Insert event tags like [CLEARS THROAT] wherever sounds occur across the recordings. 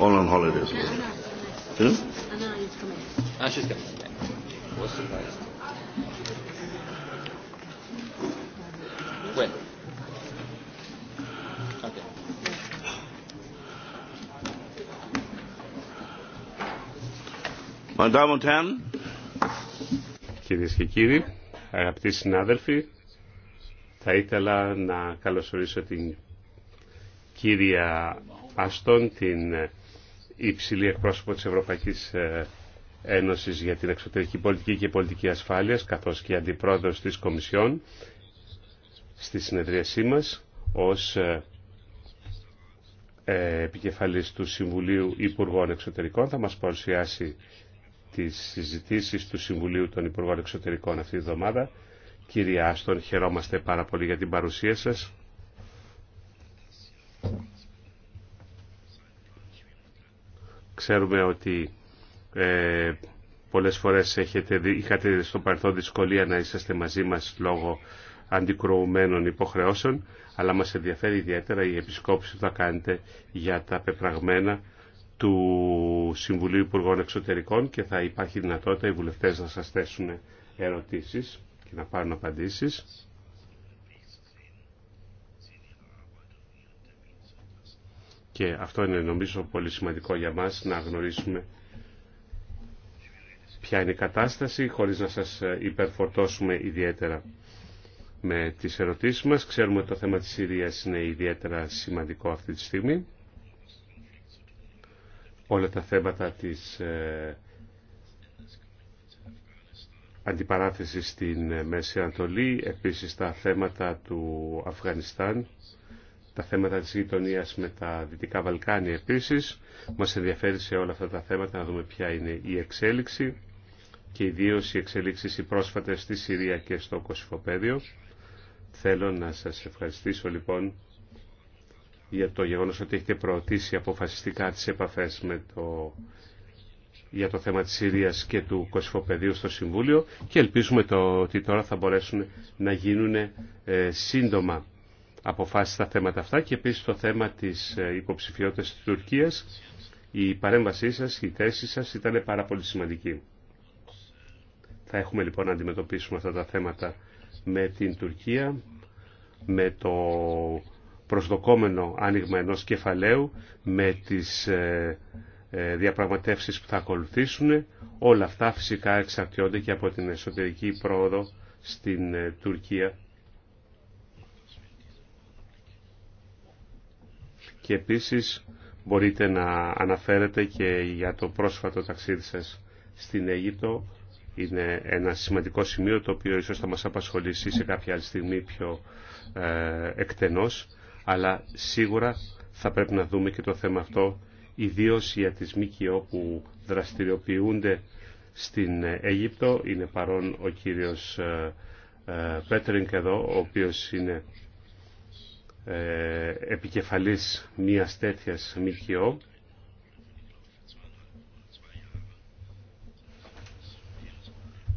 All on holidays. κυρίες και κύριοι, αγαπητοί συνάδελφοι, θα ήθελα να καλωσορίσω την κύρια Αστόν, την υψηλή εκπρόσωπο της Ευρωπαϊκής ε, Ένωσης για την εξωτερική πολιτική και πολιτική ασφάλειας, καθώς και αντιπρόεδρος της Κομισιόν στη συνεδρίασή μας ως ε, ε, επικεφαλής του Συμβουλίου Υπουργών Εξωτερικών. Θα μας παρουσιάσει τις συζητήσεις του Συμβουλίου των Υπουργών Εξωτερικών αυτή τη εβδομάδα. Κύριε Άστον, χαιρόμαστε πάρα πολύ για την παρουσία σας. Ξέρουμε ότι ε, πολλές φορές έχετε, είχατε στο παρελθόν δυσκολία να είσαστε μαζί μας λόγω αντικρουμένων υποχρεώσεων, αλλά μας ενδιαφέρει ιδιαίτερα η επισκόπηση που θα κάνετε για τα πεπραγμένα του Συμβουλίου Υπουργών Εξωτερικών και θα υπάρχει δυνατότητα οι βουλευτές να σας θέσουν ερωτήσεις και να πάρουν απαντήσεις. και αυτό είναι νομίζω πολύ σημαντικό για μας να γνωρίσουμε ποια είναι η κατάσταση χωρίς να σας ε, υπερφορτώσουμε ιδιαίτερα με τις ερωτήσεις μας. Ξέρουμε ότι το θέμα της Συρίας είναι ιδιαίτερα σημαντικό αυτή τη στιγμή. Όλα τα θέματα της ε, αντιπαράθεσης στην ε, Μέση Ανατολή, επίσης τα θέματα του Αφγανιστάν τα θέματα της γειτονία με τα Δυτικά Βαλκάνια επίσης. Μας ενδιαφέρει σε όλα αυτά τα θέματα να δούμε ποια είναι η εξέλιξη και ιδίω οι εξέλιξεις οι πρόσφατες στη Συρία και στο Κωσυφοπαίδιο. Θέλω να σας ευχαριστήσω λοιπόν για το γεγονός ότι έχετε προωθήσει αποφασιστικά τις επαφές με το... για το θέμα της Συρίας και του Κωσυφοπεδίου στο Συμβούλιο και ελπίζουμε το... ότι τώρα θα μπορέσουν να γίνουν ε, σύντομα αποφάσει στα θέματα αυτά και επίσης το θέμα της ε, υποψηφιότητας της Τουρκίας. Η παρέμβασή σας, η θέση σας ήταν πάρα πολύ σημαντική. Θα έχουμε λοιπόν να αντιμετωπίσουμε αυτά τα θέματα με την Τουρκία, με το προσδοκόμενο άνοιγμα ενός κεφαλαίου, με τις ε, ε, διαπραγματεύσεις που θα ακολουθήσουν. Όλα αυτά φυσικά εξαρτιόνται και από την εσωτερική πρόοδο στην Τουρκία και επίσης μπορείτε να αναφέρετε και για το πρόσφατο ταξίδι σας στην Αίγυπτο. Είναι ένα σημαντικό σημείο το οποίο ίσως θα μας απασχολήσει σε κάποια άλλη στιγμή πιο ε, εκτενώς, αλλά σίγουρα θα πρέπει να δούμε και το θέμα αυτό, ιδίω για τις ΜΚΟ που δραστηριοποιούνται στην Αίγυπτο. Είναι παρόν ο κύριος ε, ε εδώ, ο οποίος είναι ε, επικεφαλής μιας τέτοιας ΜΚΟ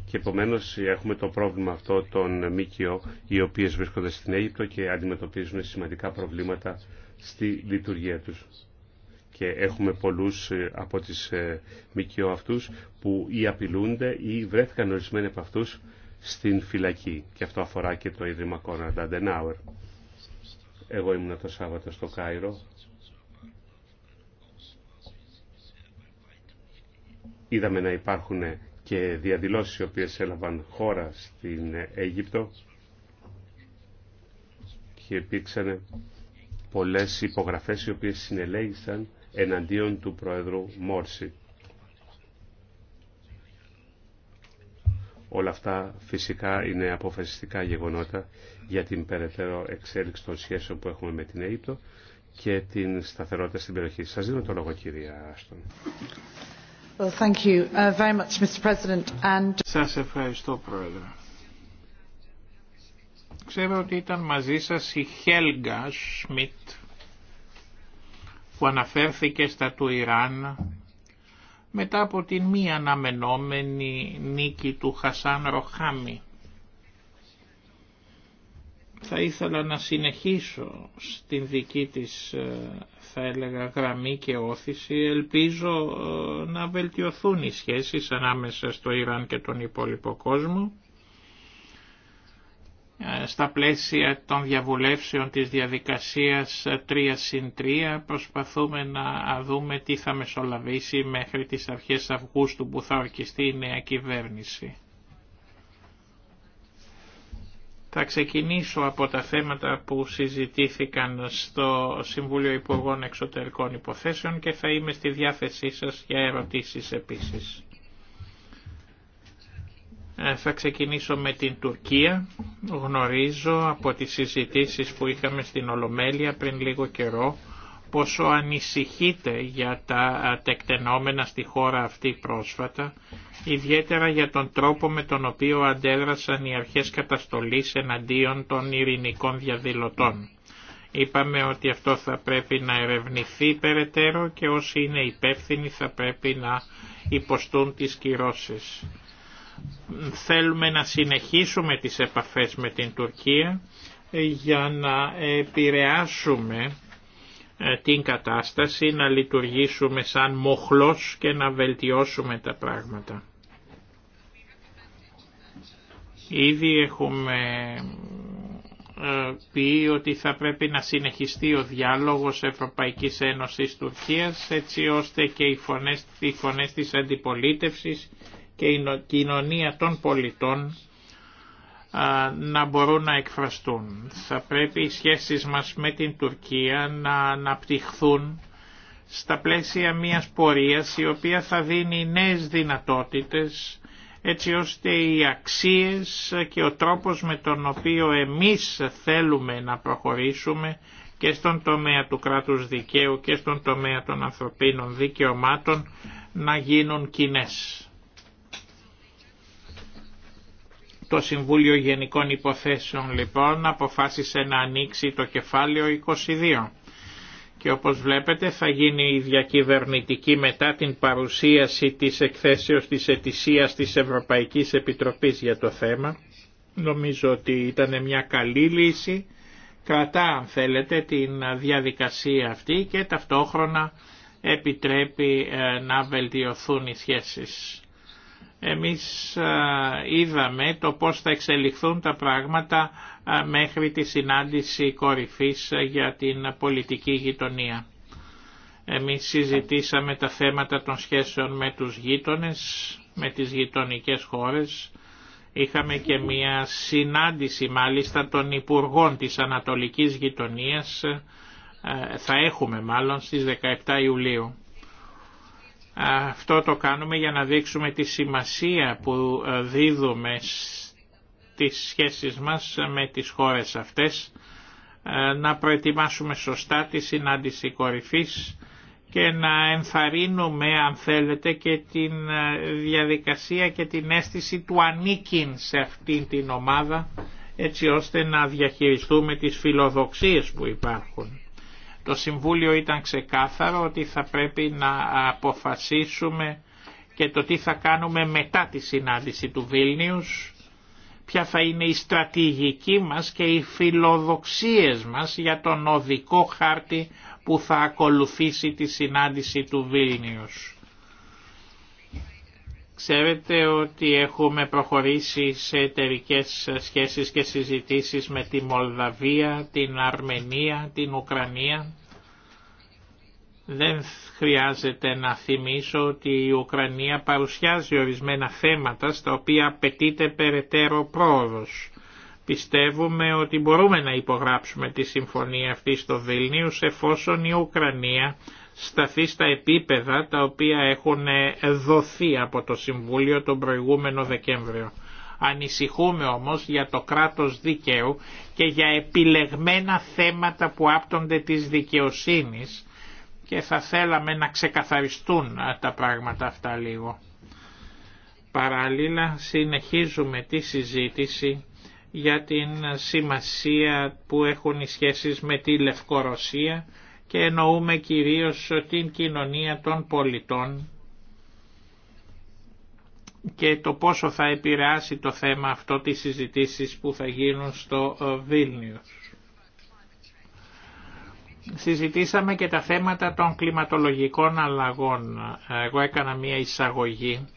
και επομένως έχουμε το πρόβλημα αυτό των ΜΚΟ οι οποίες βρίσκονται στην Αίγυπτο και αντιμετωπίζουν σημαντικά προβλήματα στη λειτουργία τους. Και έχουμε πολλούς ε, από τις ε, ΜΚΟ αυτούς που ή απειλούνται ή βρέθηκαν ορισμένοι από αυτούς στην φυλακή. Και αυτό αφορά και το Ίδρυμα Κόναρντ εγώ ήμουν το Σάββατο στο Κάιρο. Είδαμε να υπάρχουν και διαδηλώσεις οι οποίες έλαβαν χώρα στην Αίγυπτο και υπήρξαν πολλές υπογραφές οι οποίες συνελέγησαν εναντίον του Πρόεδρου Μόρση. Όλα αυτά φυσικά είναι αποφασιστικά γεγονότα για την περαιτέρω εξέλιξη των σχέσεων που έχουμε με την Αίγυπτο και την σταθερότητα στην περιοχή. Σας δίνω το λόγο κυρία Άστον. Well, uh, Σας ευχαριστώ Πρόεδρε. Ξέρω ότι ήταν μαζί σας η Χέλγκα Σμιτ που αναφέρθηκε στα του Ιράν μετά από την μη αναμενόμενη νίκη του Χασάν Ροχάμι. Θα ήθελα να συνεχίσω στην δική της ε, θα έλεγα γραμμή και όθηση. Ελπίζω ε, να βελτιωθούν οι σχέσεις ανάμεσα στο Ιράν και τον υπόλοιπο κόσμο ε, στα πλαίσια των διαβουλεύσεων της διαδικασίας 3 3 προσπαθούμε να δούμε τι θα μεσολαβήσει μέχρι τις αρχές Αυγούστου που θα ορκιστεί η νέα κυβέρνηση. Θα ξεκινήσω από τα θέματα που συζητήθηκαν στο Συμβούλιο Υπουργών Εξωτερικών Υποθέσεων και θα είμαι στη διάθεσή σας για ερωτήσεις επίσης. Ε, θα ξεκινήσω με την Τουρκία. Γνωρίζω από τις συζητήσεις που είχαμε στην Ολομέλεια πριν λίγο καιρό πόσο ανησυχείτε για τα τεκτενόμενα στη χώρα αυτή πρόσφατα, ιδιαίτερα για τον τρόπο με τον οποίο αντέδρασαν οι αρχές καταστολής εναντίον των ειρηνικών διαδηλωτών. Είπαμε ότι αυτό θα πρέπει να ερευνηθεί περαιτέρω και όσοι είναι υπεύθυνοι θα πρέπει να υποστούν τις κυρώσεις. Θέλουμε να συνεχίσουμε τις επαφές με την Τουρκία ε, για να επηρεάσουμε ε, την κατάσταση, να λειτουργήσουμε σαν μοχλός και να βελτιώσουμε τα πράγματα. Ήδη έχουμε ε, πει ότι θα πρέπει να συνεχιστεί ο διάλογος Ευρωπαϊκής Ένωσης Τουρκίας έτσι ώστε και οι φωνές, οι φωνές της αντιπολίτευσης και η κοινωνία των πολιτών να μπορούν να εκφραστούν. Θα πρέπει οι σχέσεις μας με την Τουρκία να αναπτυχθούν στα πλαίσια μιας πορείας η οποία θα δίνει νέες δυνατότητες έτσι ώστε οι αξίες και ο τρόπος με τον οποίο εμείς θέλουμε να προχωρήσουμε και στον τομέα του κράτους δικαίου και στον τομέα των ανθρωπίνων δικαιωμάτων να γίνουν κοινές. Το Συμβούλιο Γενικών Υποθέσεων λοιπόν αποφάσισε να ανοίξει το κεφάλαιο 22 και όπως βλέπετε θα γίνει η διακυβερνητική μετά την παρουσίαση της εκθέσεως της ετησίας της Ευρωπαϊκής Επιτροπής για το θέμα. Νομίζω ότι ήταν μια καλή λύση, κρατά αν θέλετε την διαδικασία αυτή και ταυτόχρονα επιτρέπει ε, να βελτιωθούν οι σχέσεις. Εμείς είδαμε το πώς θα εξελιχθούν τα πράγματα μέχρι τη συνάντηση κορυφής για την πολιτική γειτονία. Εμείς συζητήσαμε τα θέματα των σχέσεων με τους γείτονες, με τις γειτονικές χώρες. Είχαμε και μια συνάντηση μάλιστα των Υπουργών της Ανατολικής Γειτονίας, θα έχουμε μάλλον στις 17 Ιουλίου. Αυτό το κάνουμε για να δείξουμε τη σημασία που ε, δίδουμε στις σχέσεις μας με τις χώρες αυτές, ε, να προετοιμάσουμε σωστά τη συνάντηση κορυφής και να ενθαρρύνουμε αν θέλετε και την ε, διαδικασία και την αίσθηση του ανήκειν σε αυτήν την ομάδα έτσι ώστε να διαχειριστούμε τις φιλοδοξίες που υπάρχουν. Το Συμβούλιο ήταν ξεκάθαρο ότι θα πρέπει να αποφασίσουμε και το τι θα κάνουμε μετά τη συνάντηση του Βίλνιους, ποια θα είναι η στρατηγική μας και οι φιλοδοξίες μας για τον οδικό χάρτη που θα ακολουθήσει τη συνάντηση του Βίλνιους. Ξέρετε ότι έχουμε προχωρήσει σε εταιρικέ σχέσεις και συζητήσεις με τη Μολδαβία, την Αρμενία, την Ουκρανία. Δεν χρειάζεται να θυμίσω ότι η Ουκρανία παρουσιάζει ορισμένα θέματα στα οποία απαιτείται περαιτέρω πρόοδος. Πιστεύουμε ότι μπορούμε να υπογράψουμε τη συμφωνία αυτή στο Βιλνίους εφόσον η Ουκρανία σταθεί στα επίπεδα τα οποία έχουν ε, δοθεί από το Συμβούλιο τον προηγούμενο Δεκέμβριο. Ανησυχούμε όμως για το κράτος δικαίου και για επιλεγμένα θέματα που άπτονται της δικαιοσύνης και θα θέλαμε να ξεκαθαριστούν ε, τα πράγματα αυτά λίγο. Παράλληλα συνεχίζουμε τη συζήτηση για την ε, σημασία που έχουν οι σχέσεις με τη Λευκορωσία και εννοούμε κυρίως την κοινωνία των πολιτών και το πόσο θα επηρεάσει το θέμα αυτό τις συζητήσεις που θα γίνουν στο ε, Βίλνιους. Συζητήσαμε και τα θέματα των κλιματολογικών αλλαγών. Εγώ έκανα μία εισαγωγή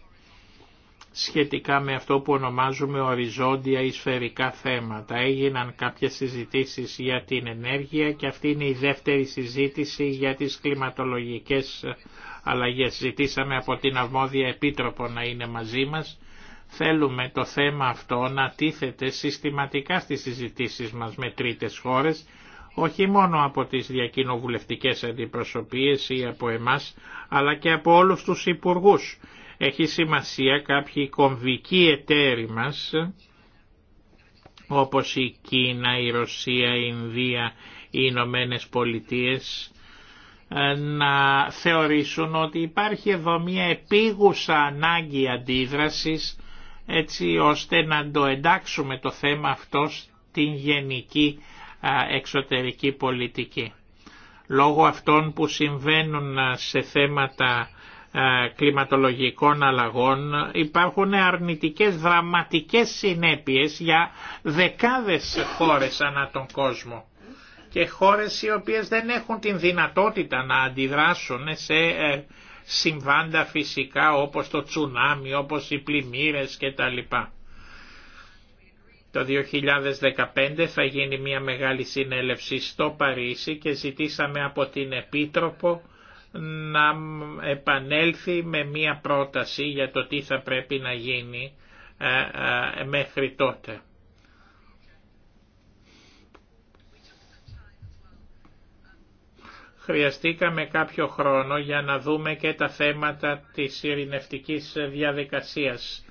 σχετικά με αυτό που ονομάζουμε οριζόντια ή σφαιρικά θέματα. Έγιναν κάποιες συζητήσεις για την ενέργεια και αυτή είναι η δεύτερη συζήτηση για τις κλιματολογικές αλλαγές. Ζητήσαμε από την Αρμόδια Επίτροπο να είναι μαζί μας. Θέλουμε το θέμα αυτό να τίθεται συστηματικά στις συζητήσεις μας με τρίτες χώρες, όχι μόνο από τις διακοινοβουλευτικές αντιπροσωπείες ή από εμάς, αλλά και από όλους τους υπουργούς έχει σημασία κάποιοι κομβικοί εταίροι μας, όπως η Κίνα, η Ρωσία, η Ινδία, οι Ηνωμένε Πολιτείες, ε, να θεωρήσουν ότι υπάρχει εδώ μια επίγουσα ανάγκη αντίδρασης έτσι ώστε να το εντάξουμε το θέμα αυτό στην γενική ε, εξωτερική πολιτική. Λόγω αυτών που συμβαίνουν ε, σε θέματα ε, κλιματολογικών αλλαγών υπάρχουν αρνητικές δραματικές συνέπειες για δεκάδες χώρες ανά τον κόσμο και χώρες οι οποίες δεν έχουν την δυνατότητα να αντιδράσουν σε ε, συμβάντα φυσικά όπως το τσουνάμι, όπως οι πλημμύρες κτλ. Το 2015 θα γίνει μια μεγάλη συνέλευση στο Παρίσι και ζητήσαμε από την Επίτροπο να επανέλθει με μία πρόταση για το τι θα πρέπει να γίνει ε, ε, μέχρι τότε. Χρειαστήκαμε κάποιο χρόνο για να δούμε και τα θέματα της ειρηνευτικής διαδικασίας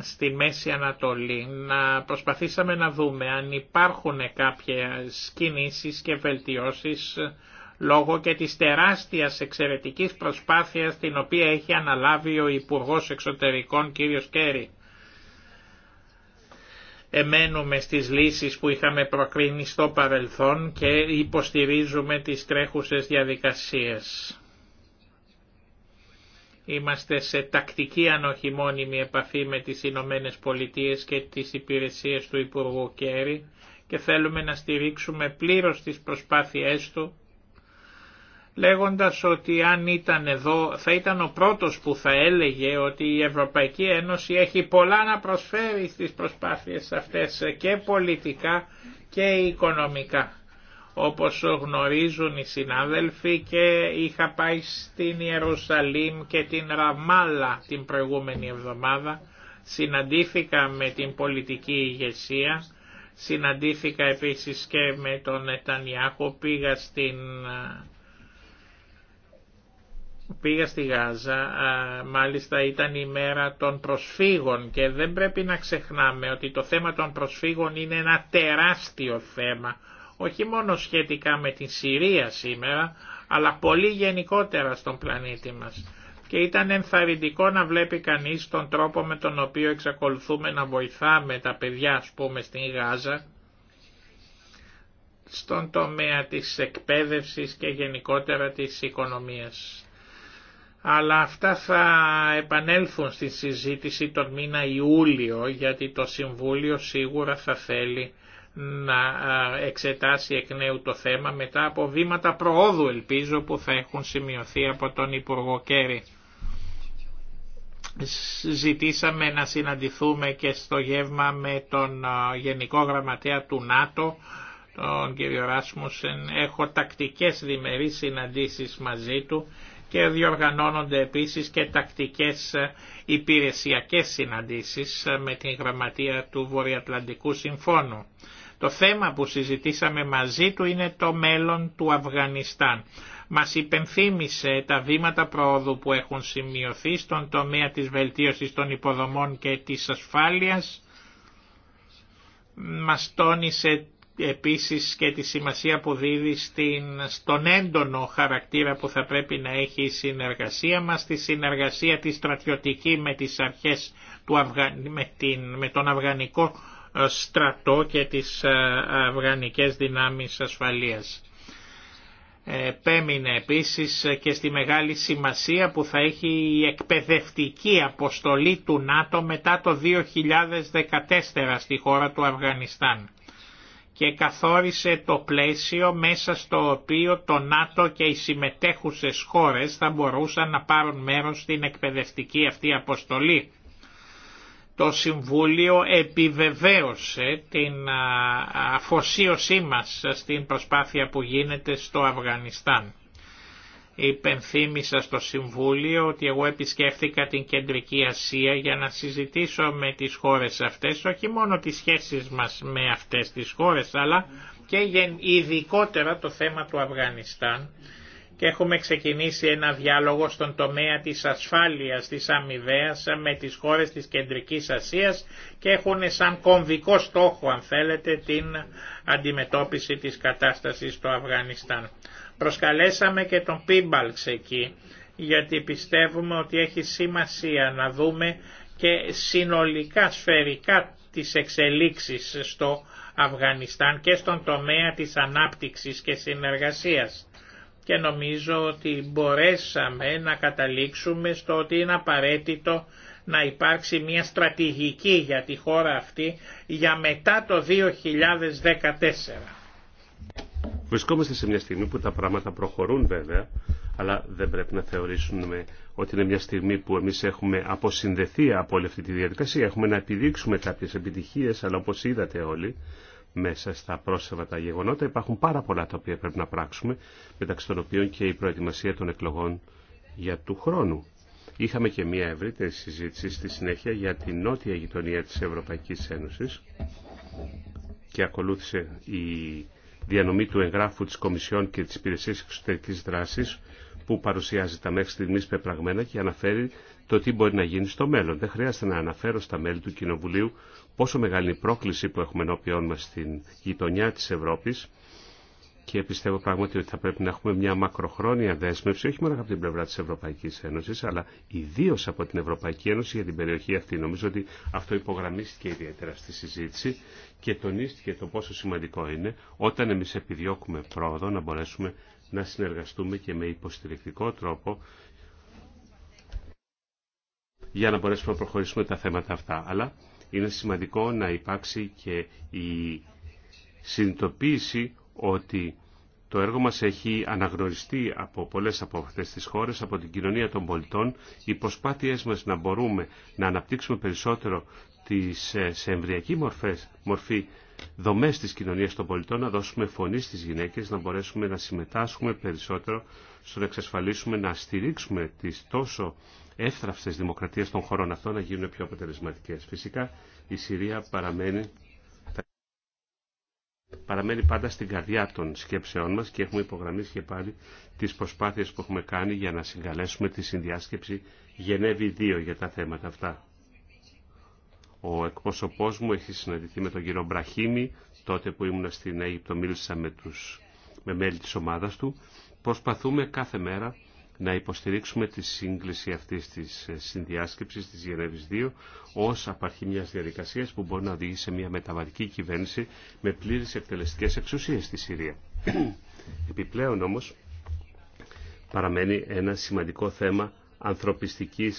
στη Μέση Ανατολή να προσπαθήσαμε να δούμε αν υπάρχουν κάποιες κινήσεις και βελτιώσεις λόγω και της τεράστιας εξαιρετικής προσπάθειας την οποία έχει αναλάβει ο Υπουργός Εξωτερικών κ. Κέρι. Εμένουμε στις λύσεις που είχαμε προκρίνει στο παρελθόν και υποστηρίζουμε τις τρέχουσες διαδικασίες. Είμαστε σε τακτική αν όχι μόνιμη επαφή με τις Ηνωμένε Πολιτείες και τις υπηρεσίες του Υπουργού Κέρι και θέλουμε να στηρίξουμε πλήρως τις προσπάθειές του λέγοντας ότι αν ήταν εδώ θα ήταν ο πρώτος που θα έλεγε ότι η Ευρωπαϊκή Ένωση έχει πολλά να προσφέρει στις προσπάθειες αυτές και πολιτικά και οικονομικά όπως γνωρίζουν οι συνάδελφοι και είχα πάει στην Ιερουσαλήμ και την Ραμάλα την προηγούμενη εβδομάδα. Συναντήθηκα με την πολιτική ηγεσία, συναντήθηκα επίσης και με τον Νετανιάχο, πήγα στην... Πήγα στη Γάζα, μάλιστα ήταν η μέρα των προσφύγων και δεν πρέπει να ξεχνάμε ότι το θέμα των προσφύγων είναι ένα τεράστιο θέμα όχι μόνο σχετικά με την Συρία σήμερα, αλλά πολύ γενικότερα στον πλανήτη μας. Και ήταν ενθαρρυντικό να βλέπει κανείς τον τρόπο με τον οποίο εξακολουθούμε να βοηθάμε τα παιδιά, ας πούμε, στην Γάζα, στον τομέα της εκπαίδευσης και γενικότερα της οικονομίας. Αλλά αυτά θα επανέλθουν στη συζήτηση τον μήνα Ιούλιο, γιατί το Συμβούλιο σίγουρα θα θέλει να εξετάσει εκ νέου το θέμα μετά από βήματα προόδου ελπίζω που θα έχουν σημειωθεί από τον Υπουργό Κέρι. Ζητήσαμε να συναντηθούμε και στο γεύμα με τον Γενικό Γραμματέα του ΝΑΤΟ, τον κύριο Ράσμουσεν. Έχω τακτικές διμερείς συναντήσεις μαζί του και διοργανώνονται επίσης και τακτικές υπηρεσιακές συναντήσεις με την Γραμματεία του Βορειοατλαντικού Συμφώνου. Το θέμα που συζητήσαμε μαζί του είναι το μέλλον του Αφγανιστάν. Μας υπενθύμησε τα βήματα προόδου που έχουν σημειωθεί στον τομέα της βελτίωσης των υποδομών και της ασφάλειας. Μας τόνισε επίσης και τη σημασία που δίδει στην, στον έντονο χαρακτήρα που θα πρέπει να έχει η συνεργασία μας, τη συνεργασία τη στρατιωτική με τις αρχές του με, με τον Αφγανικό στρατό και τις ε, ε, αυγανικές δυνάμεις ασφαλείας. Ε, Πέμεινε επίσης και στη μεγάλη σημασία που θα έχει η εκπαιδευτική αποστολή του ΝΑΤΟ μετά το 2014 στη χώρα του Αφγανιστάν και καθόρισε το πλαίσιο μέσα στο οποίο το ΝΑΤΟ και οι συμμετέχουσες χώρες θα μπορούσαν να πάρουν μέρος στην εκπαιδευτική αυτή αποστολή το Συμβούλιο επιβεβαίωσε την αφοσίωσή μας στην προσπάθεια που γίνεται στο Αφγανιστάν. Υπενθύμησα στο Συμβούλιο ότι εγώ επισκέφθηκα την Κεντρική Ασία για να συζητήσω με τις χώρες αυτές, όχι μόνο τις σχέσεις μας με αυτές τις χώρες, αλλά και ειδικότερα το θέμα του Αφγανιστάν έχουμε ξεκινήσει ένα διάλογο στον τομέα της ασφάλειας της αμοιβαίας με τις χώρες της Κεντρικής Ασίας και έχουν σαν κομβικό στόχο αν θέλετε την αντιμετώπιση της κατάστασης στο Αφγανιστάν. Προσκαλέσαμε και τον Πίμπαλξ εκεί γιατί πιστεύουμε ότι έχει σημασία να δούμε και συνολικά σφαιρικά τις εξελίξεις στο Αφγανιστάν και στον τομέα της ανάπτυξης και συνεργασίας και νομίζω ότι μπορέσαμε να καταλήξουμε στο ότι είναι απαραίτητο να υπάρξει μια στρατηγική για τη χώρα αυτή για μετά το 2014. Βρισκόμαστε σε μια στιγμή που τα πράγματα προχωρούν βέβαια, αλλά δεν πρέπει να θεωρήσουμε ότι είναι μια στιγμή που εμείς έχουμε αποσυνδεθεί από όλη αυτή τη διαδικασία. Έχουμε να επιδείξουμε κάποιες επιτυχίες, αλλά όπως είδατε όλοι, μέσα στα τα γεγονότα. Υπάρχουν πάρα πολλά τα οποία πρέπει να πράξουμε, μεταξύ των οποίων και η προετοιμασία των εκλογών για του χρόνου. Είχαμε και μια ευρύτερη συζήτηση στη συνέχεια για την νότια γειτονία της Ευρωπαϊκής Ένωσης και ακολούθησε η διανομή του εγγράφου της Κομισιόν και της Υπηρεσίας Εξωτερικής Δράσης που παρουσιάζει τα μέχρι στιγμή πεπραγμένα και αναφέρει το τι μπορεί να γίνει στο μέλλον. Δεν χρειάζεται να αναφέρω στα μέλη του Κοινοβουλίου πόσο μεγάλη είναι η πρόκληση που έχουμε ενώπιόν μας στην γειτονιά της Ευρώπης και πιστεύω πράγματι ότι θα πρέπει να έχουμε μια μακροχρόνια δέσμευση, όχι μόνο από την πλευρά της Ευρωπαϊκής Ένωσης, αλλά ιδίω από την Ευρωπαϊκή Ένωση για την περιοχή αυτή. Νομίζω ότι αυτό υπογραμμίστηκε ιδιαίτερα στη συζήτηση και τονίστηκε το πόσο σημαντικό είναι όταν εμείς επιδιώκουμε πρόοδο να μπορέσουμε να συνεργαστούμε και με υποστηρικτικό τρόπο για να μπορέσουμε να προχωρήσουμε τα θέματα αυτά. Αλλά είναι σημαντικό να υπάρξει και η συνειδητοποίηση ότι το έργο μας έχει αναγνωριστεί από πολλές από αυτές τις χώρες, από την κοινωνία των πολιτών. Οι προσπάθειές μας να μπορούμε να αναπτύξουμε περισσότερο τις, ε, σε εμβριακή μορφές, μορφή δομές της κοινωνίας των πολιτών, να δώσουμε φωνή στις γυναίκες, να μπορέσουμε να συμμετάσχουμε περισσότερο στο να εξασφαλίσουμε να στηρίξουμε τις τόσο εύθραυστες δημοκρατίες των χωρών αυτών να γίνουν πιο αποτελεσματικέ. Φυσικά η Συρία παραμένει, παραμένει πάντα στην καρδιά των σκέψεών μας και έχουμε υπογραμμίσει και πάλι τις προσπάθειες που έχουμε κάνει για να συγκαλέσουμε τη συνδιάσκεψη Γενέβη 2 για τα θέματα αυτά. Ο εκπρόσωπός μου έχει συναντηθεί με τον κύριο Μπραχίμη, τότε που ήμουν στην Αίγυπτο μίλησα με, τους, με μέλη της ομάδας του. Προσπαθούμε κάθε μέρα να υποστηρίξουμε τη σύγκληση αυτή τη ε, συνδιάσκεψης τη Γενέβη 2 ω απαρχή μια διαδικασία που μπορεί να οδηγήσει σε μια μεταβατική κυβέρνηση με πλήρε εκτελεστικέ εξουσίε στη Συρία. [CLEARS THROAT] Επιπλέον όμω, παραμένει ένα σημαντικό θέμα ανθρωπιστική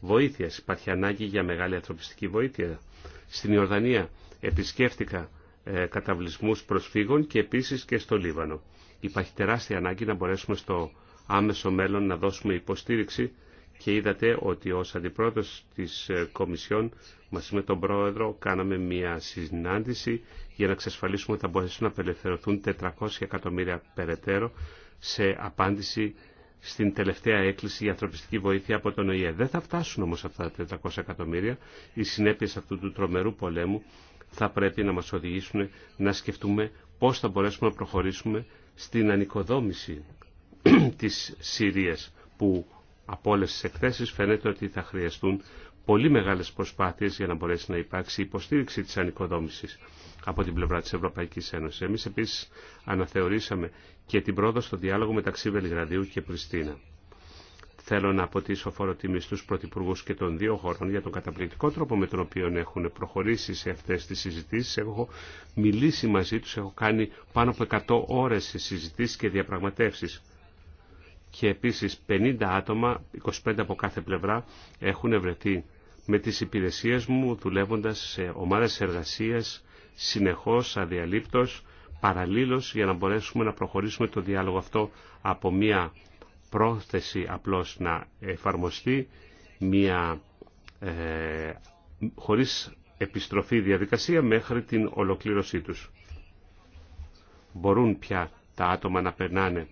βοήθεια. Υπάρχει ανάγκη για μεγάλη ανθρωπιστική βοήθεια. Στην Ιορδανία επισκέφτηκα ε, καταβλισμούς προσφύγων και επίσης και στο Λίβανο. Υπάρχει τεράστια ανάγκη να μπορέσουμε στο άμεσο μέλλον να δώσουμε υποστήριξη και είδατε ότι ως αντιπρόεδρος της ε, Κομισιόν μαζί με τον Πρόεδρο κάναμε μια συνάντηση για να εξασφαλίσουμε ότι θα μπορέσουν να απελευθερωθούν 400 εκατομμύρια περαιτέρω σε απάντηση στην τελευταία έκκληση για ανθρωπιστική βοήθεια από τον ΟΗΕ. Δεν θα φτάσουν όμως αυτά τα 400 εκατομμύρια. Οι συνέπειες αυτού του τρομερού πολέμου θα πρέπει να μας οδηγήσουν να σκεφτούμε πώς θα μπορέσουμε να προχωρήσουμε στην ανοικοδόμηση [CLEARS THROAT] της Συρίας που από όλες τις εκθέσεις φαίνεται ότι θα χρειαστούν πολύ μεγάλες προσπάθειες για να μπορέσει να υπάρξει υποστήριξη της ανοικοδόμησης από την πλευρά της Ευρωπαϊκής Ένωσης. Εμείς επίσης αναθεωρήσαμε και την πρόοδο στο διάλογο μεταξύ Βελιγραδίου και Πριστίνα. Θέλω να αποτίσω φοροτιμή στους πρωθυπουργούς και των δύο χωρών για τον καταπληκτικό τρόπο με τον οποίο έχουν προχωρήσει σε αυτές τις συζητήσεις. Έχω μιλήσει μαζί τους, έχω κάνει πάνω από 100 ώρες συζητήσεις και διαπραγματεύσεις και επίσης 50 άτομα, 25 από κάθε πλευρά, έχουν ευρεθεί με τις υπηρεσίες μου δουλεύοντας σε ομάδες εργασίας συνεχώς, αδιαλείπτως, παραλήλως για να μπορέσουμε να προχωρήσουμε το διάλογο αυτό από μια πρόθεση απλώς να εφαρμοστεί, μια ε, χωρίς επιστροφή διαδικασία μέχρι την ολοκλήρωσή τους. Μπορούν πια τα άτομα να περνάνε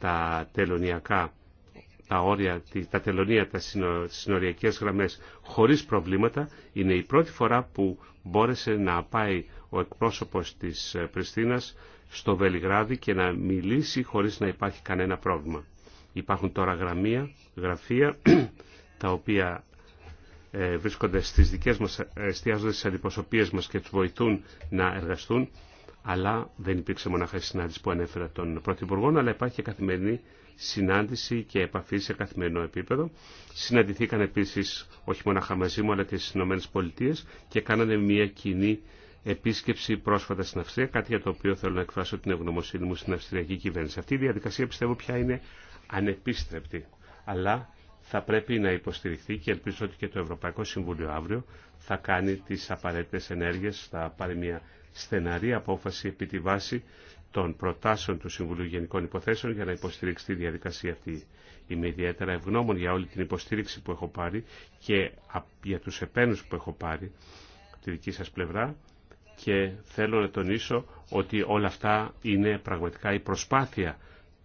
τα τελωνιακά τα όρια, τα τελωνία, τα συνοριακές γραμμές χωρίς προβλήματα. Είναι η πρώτη φορά που μπόρεσε να πάει ο εκπρόσωπος της ε, Πριστίνας στο Βελιγράδι και να μιλήσει χωρίς να υπάρχει κανένα πρόβλημα. Υπάρχουν τώρα γραμμία, γραφεία, [CLEARS THROAT] τα οποία ε, βρίσκονται στις δικές μας, ε, εστιάζονται στις αντιπροσωπείες μας και τους βοηθούν να εργαστούν αλλά δεν υπήρξε μονάχα η συνάντηση που ανέφερα των Πρωθυπουργών, αλλά υπάρχει και καθημερινή συνάντηση και επαφή σε καθημερινό επίπεδο. Συναντηθήκαν επίση όχι μονάχα μαζί μου, αλλά και στι ΗΠΑ και κάνανε μια κοινή επίσκεψη πρόσφατα στην Αυστρία, κάτι για το οποίο θέλω να εκφράσω την ευγνωμοσύνη μου στην Αυστριακή κυβέρνηση. Αυτή η διαδικασία πιστεύω πια είναι ανεπίστρεπτη, αλλά θα πρέπει να υποστηριχθεί και ελπίζω ότι και το Ευρωπαϊκό Συμβούλιο αύριο θα κάνει τις απαραίτητες ενέργειες, θα πάρει μια στεναρή απόφαση επί τη βάση των προτάσεων του Συμβουλίου Γενικών Υποθέσεων για να υποστηρίξει τη διαδικασία αυτή. Είμαι ιδιαίτερα ευγνώμων για όλη την υποστήριξη που έχω πάρει και για τους επένους που έχω πάρει από τη δική σας πλευρά και θέλω να τονίσω ότι όλα αυτά είναι πραγματικά η προσπάθεια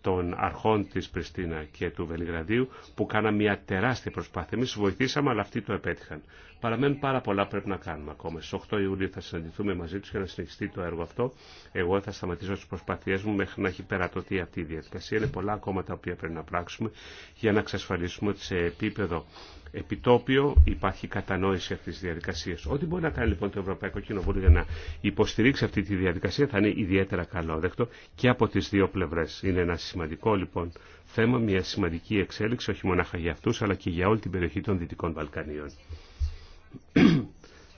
των αρχών της Πριστίνα και του Βελιγραδίου που κάναν μια τεράστια προσπάθεια. Εμείς βοηθήσαμε αλλά αυτοί το επέτυχαν. Παραμένουν πάρα πολλά πρέπει να κάνουμε ακόμα. Στις 8 Ιουλίου θα συναντηθούμε μαζί τους για να συνεχιστεί το έργο αυτό. Εγώ θα σταματήσω τις προσπάθειές μου μέχρι να έχει περατωθεί αυτή η διαδικασία. Είναι πολλά ακόμα τα οποία πρέπει να πράξουμε για να εξασφαλίσουμε ότι σε επίπεδο επιτόπιο υπάρχει κατανόηση αυτή τη διαδικασία. Ό,τι μπορεί να κάνει λοιπόν το Ευρωπαϊκό Κοινοβούλιο για να υποστηρίξει αυτή τη διαδικασία θα είναι ιδιαίτερα καλόδεκτο και από τι δύο πλευρέ. Είναι ένα σημαντικό λοιπόν θέμα, μια σημαντική εξέλιξη όχι μόνο για αυτού αλλά και για όλη την περιοχή των Δυτικών Βαλκανίων.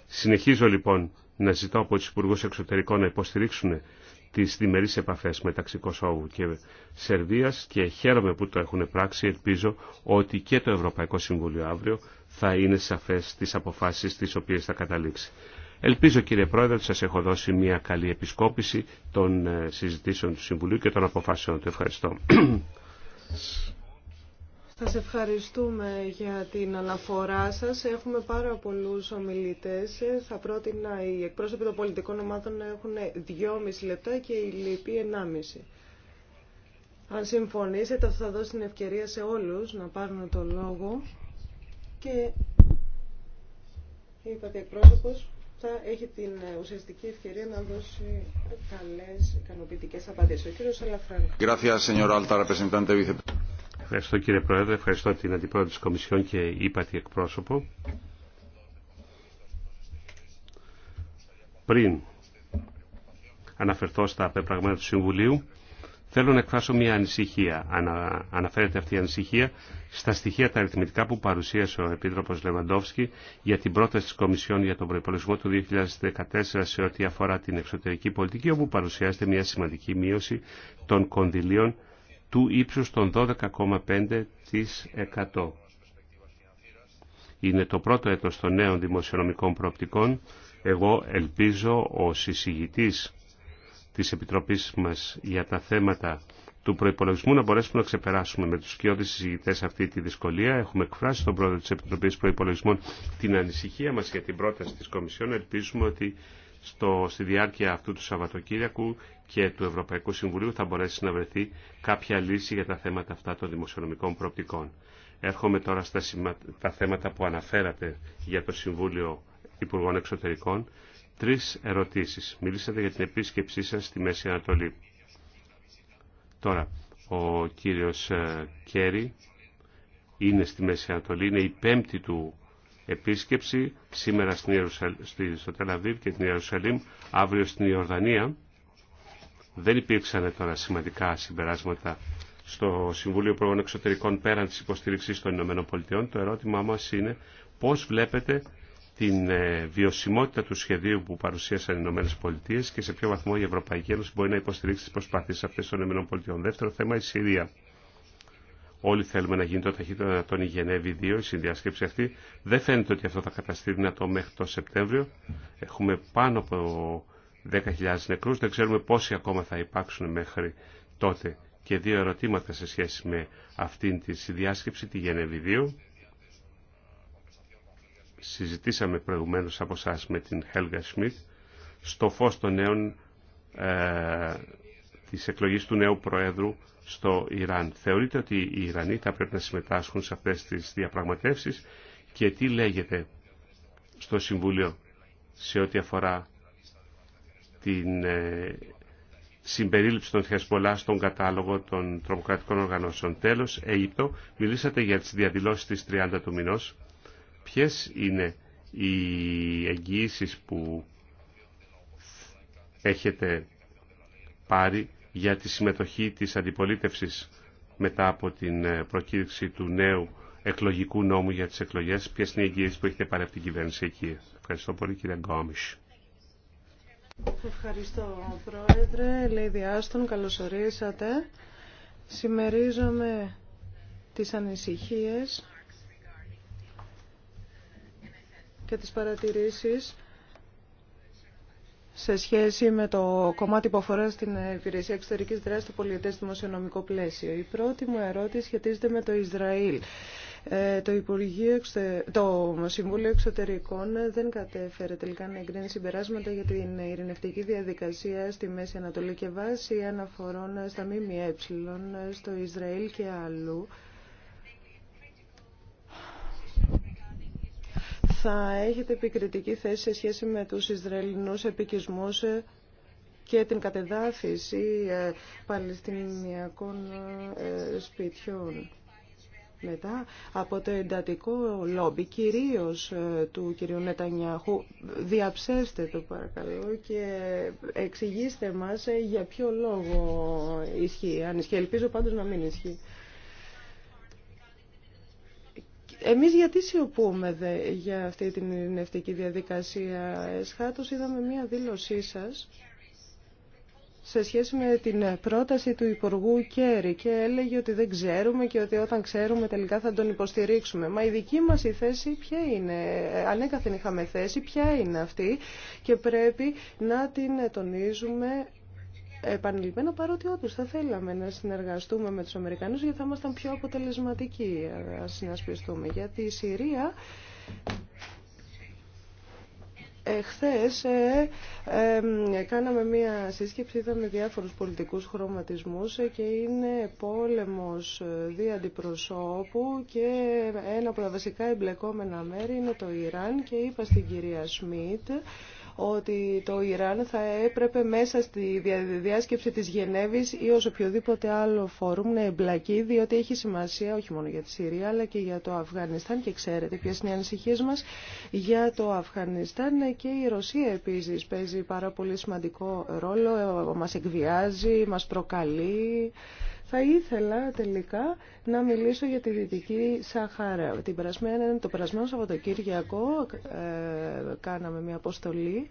Συνεχίζω λοιπόν να ζητώ από του Υπουργού Εξωτερικών να υποστηρίξουν τις διμερείς επαφές μεταξύ Κωσόβου και Σερβίας και χαίρομαι που το έχουν πράξει. Ελπίζω ότι και το Ευρωπαϊκό Συμβούλιο αύριο θα είναι σαφές τις αποφάσεις τις οποίες θα καταλήξει. Ελπίζω κύριε Πρόεδρε ότι σας έχω δώσει μια καλή επισκόπηση των ε, συζητήσεων του Συμβουλίου και των αποφάσεων του. Ευχαριστώ. Σας ευχαριστούμε για την αναφορά σας. Έχουμε πάρα πολλούς ομιλητές. Θα πρότεινα οι εκπρόσωποι των πολιτικών ομάδων να έχουν 2,5 λεπτά και οι λοιποί 1,5. Αν συμφωνήσετε, θα δώσει την ευκαιρία σε όλους να πάρουν το λόγο. Και είπατε εκπρόσωπος θα έχει την ουσιαστική ευκαιρία να δώσει καλές ικανοποιητικές απαντήσεις. Ο κύριος Ευχαριστώ κύριε Πρόεδρε, ευχαριστώ την Αντιπρόεδρο της Κομισιόν και ύπατη εκπρόσωπο. Πριν αναφερθώ στα πεπραγμένα του Συμβουλίου, θέλω να εκφράσω μια ανησυχία. Ανα, αναφέρεται αυτή η ανησυχία στα στοιχεία τα αριθμητικά που παρουσίασε ο Επίτροπος Λεβαντόφσκι για την πρόταση της Κομισιόν για τον προϋπολογισμό του 2014 σε ό,τι αφορά την εξωτερική πολιτική, όπου παρουσιάζεται μια σημαντική μείωση των κονδυλίων του ύψους των 12,5%. Είναι το πρώτο έτος των νέων δημοσιονομικών προοπτικών. Εγώ ελπίζω ο συζητητής της Επιτροπής μας για τα θέματα του προϋπολογισμού να μπορέσουμε να ξεπεράσουμε με τους κοιόδη συζητητέ αυτή τη δυσκολία. Έχουμε εκφράσει τον πρόεδρο της Επιτροπής προϋπολογισμών την ανησυχία μας για την πρόταση της Κομισιόν. Ελπίζουμε ότι στο, στη διάρκεια αυτού του Σαββατοκύριακου και του Ευρωπαϊκού Συμβουλίου θα μπορέσει να βρεθεί κάποια λύση για τα θέματα αυτά των δημοσιονομικών προοπτικών. Έρχομαι τώρα στα τα θέματα που αναφέρατε για το Συμβούλιο Υπουργών Εξωτερικών. Τρεις ερωτήσεις. Μιλήσατε για την επίσκεψή σας στη Μέση Ανατολή. Τώρα, ο κύριος ε, Κέρι είναι στη Μέση Ανατολή, είναι η πέμπτη του επίσκεψη σήμερα στην Ιερουσαλ... στο Τελαβίβ και την Ιερουσαλήμ, αύριο στην Ιορδανία. Δεν υπήρξαν τώρα σημαντικά συμπεράσματα στο Συμβούλιο Πρόγων Εξωτερικών πέραν της υποστήριξης των Ηνωμένων Πολιτειών. Το ερώτημά μας είναι πώς βλέπετε την ε, βιωσιμότητα του σχεδίου που παρουσίασαν οι Ηνωμένε Πολιτείε και σε ποιο βαθμό η Ευρωπαϊκή Ένωση μπορεί να υποστηρίξει τι προσπάθειε αυτέ των Ηνωμένων Πολιτειών. Δεύτερο θέμα, η Συρία. Όλοι θέλουμε να γίνει το ταχύτερο δυνατόν η Γενέβη 2, η συνδιάσκεψη αυτή. Δεν φαίνεται ότι αυτό θα καταστεί δυνατό μέχρι το Σεπτέμβριο. Έχουμε πάνω από 10.000 νεκρούς. Δεν ξέρουμε πόσοι ακόμα θα υπάρξουν μέχρι τότε. Και δύο ερωτήματα σε σχέση με αυτήν τη συνδιάσκεψη, τη Γενέβη 2. Συζητήσαμε προηγουμένως από εσά με την Χέλγα Σμιτ στο φως των νέων ε, της εκλογής του νέου Προέδρου στο Ιράν. Θεωρείτε ότι οι Ιρανοί θα πρέπει να συμμετάσχουν σε αυτές τις διαπραγματεύσεις και τι λέγεται στο Συμβούλιο σε ό,τι αφορά την ε, συμπερίληψη των Χεσμολά στον κατάλογο των τρομοκρατικών οργανώσεων. Τέλος, Αίγυπτο, μιλήσατε για τις διαδηλώσεις της 30 του μηνός. Ποιες είναι οι εγγυήσεις που έχετε πάρει για τη συμμετοχή της αντιπολίτευσης μετά από την ε, προκήρυξη του νέου εκλογικού νόμου για τις εκλογές. Ποιες είναι οι που έχετε πάρει από την κυβέρνηση εκεί. Ευχαριστώ πολύ κύριε Γκόμις. Ευχαριστώ Πρόεδρε. Λέιδη Άστον, καλωσορίσατε. Σημερίζομαι τις ανησυχίες και τις παρατηρήσεις σε σχέση με το κομμάτι που αφορά στην υπηρεσία εξωτερική δράση του στο δημοσιονομικό πλαίσιο. Η πρώτη μου ερώτηση σχετίζεται με το Ισραήλ. Ε, το, Υπουργείο, το Συμβούλιο Εξωτερικών δεν κατέφερε τελικά να εγκρίνει συμπεράσματα για την ειρηνευτική διαδικασία στη Μέση Ανατολή και βάση αναφορών στα ΜΜΕ, στο Ισραήλ και αλλού. θα έχετε επικριτική θέση σε σχέση με τους Ισραηλινούς επικισμούς και την κατεδάφιση ε, Παλαιστινιακών ε, σπιτιών. Μετά από το εντατικό λόμπι, κυρίως ε, του κυρίου Νετανιάχου, διαψέστε το παρακαλώ και εξηγήστε μας για ποιο λόγο ισχύει. Αν ισχύει, ελπίζω πάντως να μην ισχύει. Εμείς γιατί σιωπούμε δε για αυτή την ειρηνευτική διαδικασία. Εσχάτως είδαμε μία δήλωσή σας σε σχέση με την πρόταση του Υπουργού Κέρι και έλεγε ότι δεν ξέρουμε και ότι όταν ξέρουμε τελικά θα τον υποστηρίξουμε. Μα η δική μας η θέση ποια είναι, ανέκαθεν είχαμε θέση, ποια είναι αυτή και πρέπει να την τονίζουμε επανειλημμένα παρότι όντω θα θέλαμε να συνεργαστούμε με τους Αμερικανούς γιατί θα ήμασταν πιο αποτελεσματικοί να συνασπιστούμε. Γιατί η Συρία Εχθές ε, ε κάναμε μία σύσκεψη, είδαμε διάφορους πολιτικούς χρωματισμούς ε, και είναι πόλεμος ε, δι' αντιπροσώπου και ένα από τα βασικά εμπλεκόμενα μέρη είναι το Ιράν και είπα στην κυρία Σμιτ ότι το Ιράν θα έπρεπε μέσα στη διάσκεψη της Γενέβης ή ως οποιοδήποτε άλλο φόρουμ να εμπλακεί, διότι έχει σημασία όχι μόνο για τη Συρία αλλά και για το Αφγανιστάν και ξέρετε ποιες είναι οι ανησυχίες μας για το Αφγανιστάν και η Ρωσία επίσης παίζει πάρα πολύ σημαντικό ρόλο, μας εκβιάζει, μας προκαλεί. Θα ήθελα τελικά να μιλήσω για τη Δυτική Σαχάρα. Την περασμένη, το περασμένο Σαββατοκύριακο ε, κάναμε μια αποστολή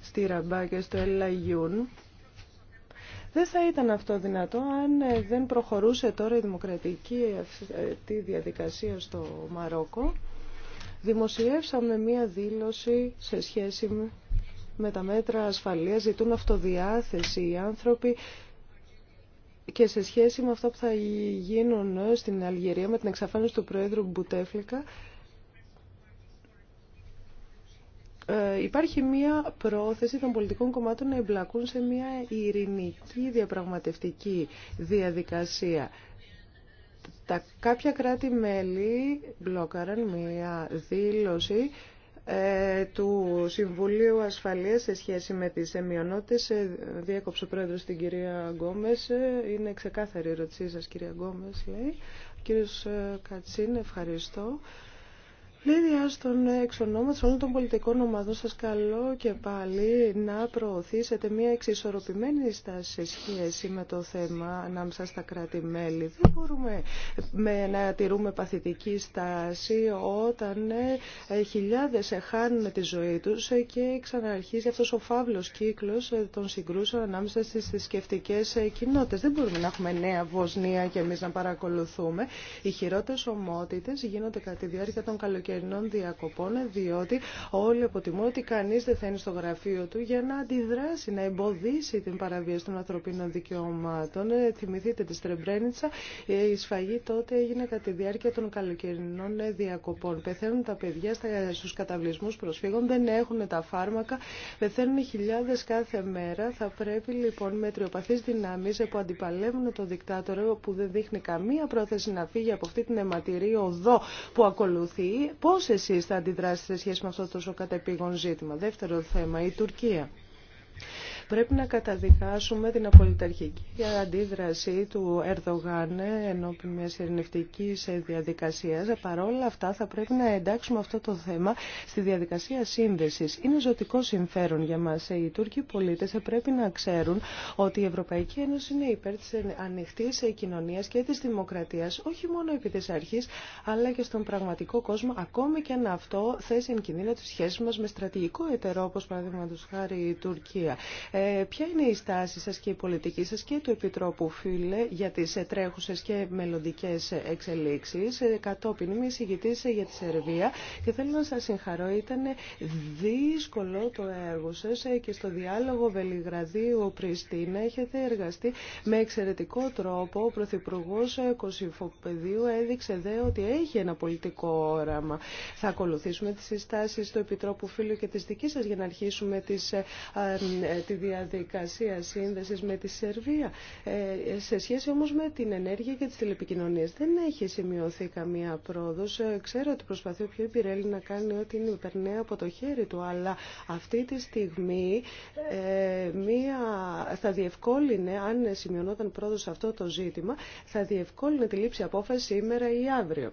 στη Ραμπά και στο Ελαγιούν. Δεν θα ήταν αυτό δυνατό αν ε, δεν προχωρούσε τώρα η δημοκρατική τη διαδικασία στο Μαρόκο. Δημοσιεύσαμε μία δήλωση σε σχέση με με τα μέτρα ασφαλείας, ζητούν αυτοδιάθεση οι άνθρωποι και σε σχέση με αυτό που θα γίνουν στην Αλγερία με την εξαφάνιση του Πρόεδρου Μπουτέφλικα, ε, υπάρχει μία πρόθεση των πολιτικών κομμάτων να εμπλακούν σε μία ειρηνική διαπραγματευτική διαδικασία. Τα κάποια κράτη-μέλη μπλόκαραν μία δήλωση ε, του Συμβουλίου Ασφαλείας σε σχέση με τις εμειονότητες. Ε, διέκοψε ο πρόεδρος την κυρία Γκόμες. Ε, είναι ξεκάθαρη η ερώτησή σας κυρία Γκόμες λέει. Κύριος Κατσίν, ευχαριστώ. Λίδια στον εξ ονόματος όλων των πολιτικών ομάδων σας καλώ και πάλι να προωθήσετε μια εξισορροπημένη στάση σε σχέση με το θέμα ανάμεσα στα κράτη-μέλη. Δεν μπορούμε με, να τηρούμε παθητική στάση όταν ε, ε χιλιάδες ε, χάνουν τη ζωή τους ε, και ξαναρχίζει αυτός ο φαύλος κύκλος των συγκρούσεων ανάμεσα στις θρησκευτικέ κοινότητες. Δεν μπορούμε να έχουμε νέα Βοσνία και εμείς να παρακολουθούμε. Οι χειρότερες ομότητες γίνονται κατά τη διάρκεια των καλοκαιριών καλοκαιρινών διακοπών, διότι όλοι αποτιμούν ότι κανεί δεν θα είναι στο γραφείο του για να αντιδράσει, να εμποδίσει την παραβίαση των ανθρωπίνων δικαιωμάτων. Ε, θυμηθείτε τη Στρεμπρένιτσα, ε, η σφαγή τότε έγινε κατά τη διάρκεια των καλοκαιρινών ε, διακοπών. Πεθαίνουν τα παιδιά στου καταβλισμούς προσφύγων, δεν έχουν τα φάρμακα, πεθαίνουν χιλιάδες κάθε μέρα. Θα πρέπει λοιπόν με τριοπαθείς δυνάμεις που αντιπαλεύουν το δικτάτορο που δεν δείχνει καμία πρόθεση να φύγει από αυτή την αιματηρή οδό που ακολουθεί, Πώς εσείς θα αντιδράσετε σε σχέση με αυτό το κατεπήγον ζήτημα. Δεύτερο θέμα, η Τουρκία. Πρέπει να καταδικάσουμε την απολυταρχική αντίδραση του Ερδογάν ενώπιν μια ειρηνευτική διαδικασία. Παρόλα αυτά, θα πρέπει να εντάξουμε αυτό το θέμα στη διαδικασία σύνδεση. Είναι ζωτικό συμφέρον για μα. Οι Τούρκοι πολίτε πρέπει να ξέρουν ότι η Ευρωπαϊκή Ένωση είναι υπέρ τη ανοιχτή κοινωνία και τη δημοκρατία, όχι μόνο επί τη αρχή, αλλά και στον πραγματικό κόσμο, ακόμη και αν αυτό θέσει εν κινδύνο τι σχέσει μα με στρατηγικό εταιρό, όπω παραδείγματο χάρη η Τουρκία. Ε, ποια είναι η στάση σας και η πολιτική σας και του Επιτρόπου Φίλε για τις ε, τρέχουσες και μελλοντικές εξελίξεις. Ε, κατόπιν είμαι εισηγητής για τη Σερβία και θέλω να σας συγχαρώ. Ήταν δύσκολο το έργο σας και στο διάλογο Βελιγραδίου-Πριστίνα έχετε εργαστεί με εξαιρετικό τρόπο. Ο Πρωθυπουργό Κωσυφοπεδίου έδειξε δε ότι έχει ένα πολιτικό όραμα. Θα ακολουθήσουμε τις συστάσεις του Επιτρόπου Φίλου και της δικής σας για να αρχίσουμε τις, τη διαδικασία σύνδεση με τη Σερβία. Ε, σε σχέση όμως με την ενέργεια και τις τηλεπικοινωνίες δεν έχει σημειωθεί καμία πρόοδος. Ε, ξέρω ότι προσπαθεί ο πιο επιρέλη να κάνει ό,τι είναι περνάει από το χέρι του, αλλά αυτή τη στιγμή ε, μία, θα διευκόλυνε, αν σημειωνόταν πρόοδο σε αυτό το ζήτημα, θα διευκόλυνε τη λήψη απόφαση σήμερα ή αύριο.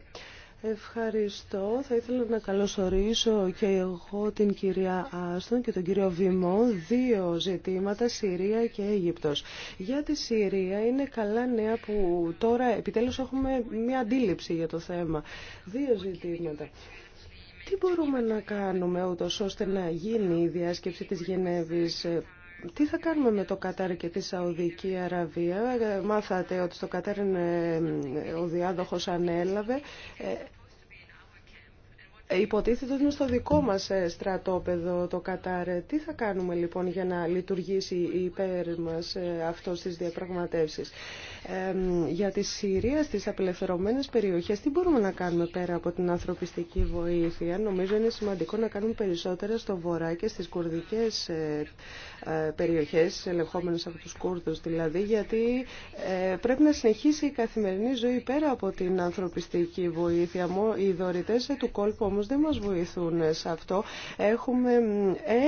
Ευχαριστώ. Θα ήθελα να καλωσορίσω και εγώ την κυρία Άστον και τον κύριο Βημό. Δύο ζητήματα, Συρία και Αίγυπτος. Για τη Συρία είναι καλά νέα που τώρα επιτέλους έχουμε μια αντίληψη για το θέμα. Δύο ζητήματα. Τι μπορούμε να κάνουμε ούτως ώστε να γίνει η διάσκεψη της Γενέβης τι θα κάνουμε με το Κατάρ και τη Σαουδική Αραβία. Ε, μάθατε ότι στο Κατάρ είναι, ε, ο διάδοχος ανέλαβε. Ε, υποτίθεται ότι είναι στο δικό μας στρατόπεδο το Κατάρ. Τι θα κάνουμε λοιπόν για να λειτουργήσει υπέρ μας αυτό στις διαπραγματεύσεις για τη Συρία στις απελευθερωμένες περιοχές. Τι μπορούμε να κάνουμε πέρα από την ανθρωπιστική βοήθεια. Νομίζω είναι σημαντικό να κάνουμε περισσότερα στο βορρά και στις κουρδικές ε, ε, περιοχές, ελεγχόμενες από τους Κούρδους δηλαδή, γιατί ε, πρέπει να συνεχίσει η καθημερινή ζωή πέρα από την ανθρωπιστική βοήθεια. Οι δωρητές του κόλπου όμως δεν μας βοηθούν σε αυτό. Έχουμε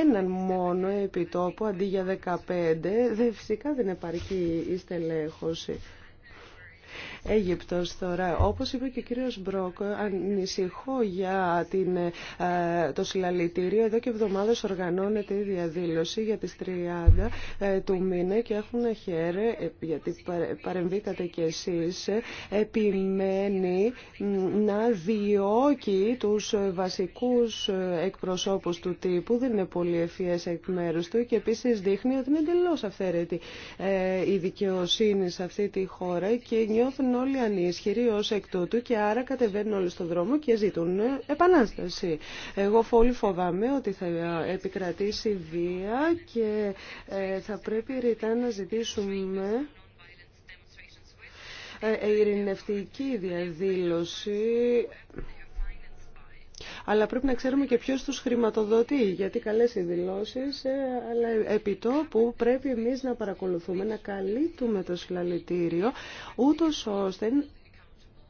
έναν μόνο επιτόπο αντί για 15. φυσικά δεν υπάρχει η στελέχωση. Αίγυπτος τώρα. Όπως είπε και ο κύριος Μπρόκ, ανησυχώ για την, ε, το συλλαλητήριο. Εδώ και εβδομάδες οργανώνεται η διαδήλωση για τις 30 ε, του μήνα και έχουν χαίρε, ε, γιατί παρεμβήκατε κι εσείς, επιμένει να διώκει τους βασικούς εκπροσώπους του τύπου. Δεν είναι πολύ ευφυές εκ μέρους του και επίσης δείχνει ότι είναι εντελώ αυθαίρετη η δικαιοσύνη σε αυτή τη χώρα και νιώθουν όλοι ανίσχυροι ως εκ τούτου και άρα κατεβαίνουν όλοι στον δρόμο και ζητούν ε, επανάσταση. Εγώ φόλη φοβάμαι ότι θα επικρατήσει βία και ε, θα πρέπει ρητά να ζητήσουμε ε, ειρηνευτική διαδήλωση αλλά πρέπει να ξέρουμε και ποιος τους χρηματοδοτεί, γιατί καλές οι δηλώσεις, ε, αλλά που πρέπει εμείς να παρακολουθούμε, να καλύπτουμε το συλλαλητήριο, ούτως ώστε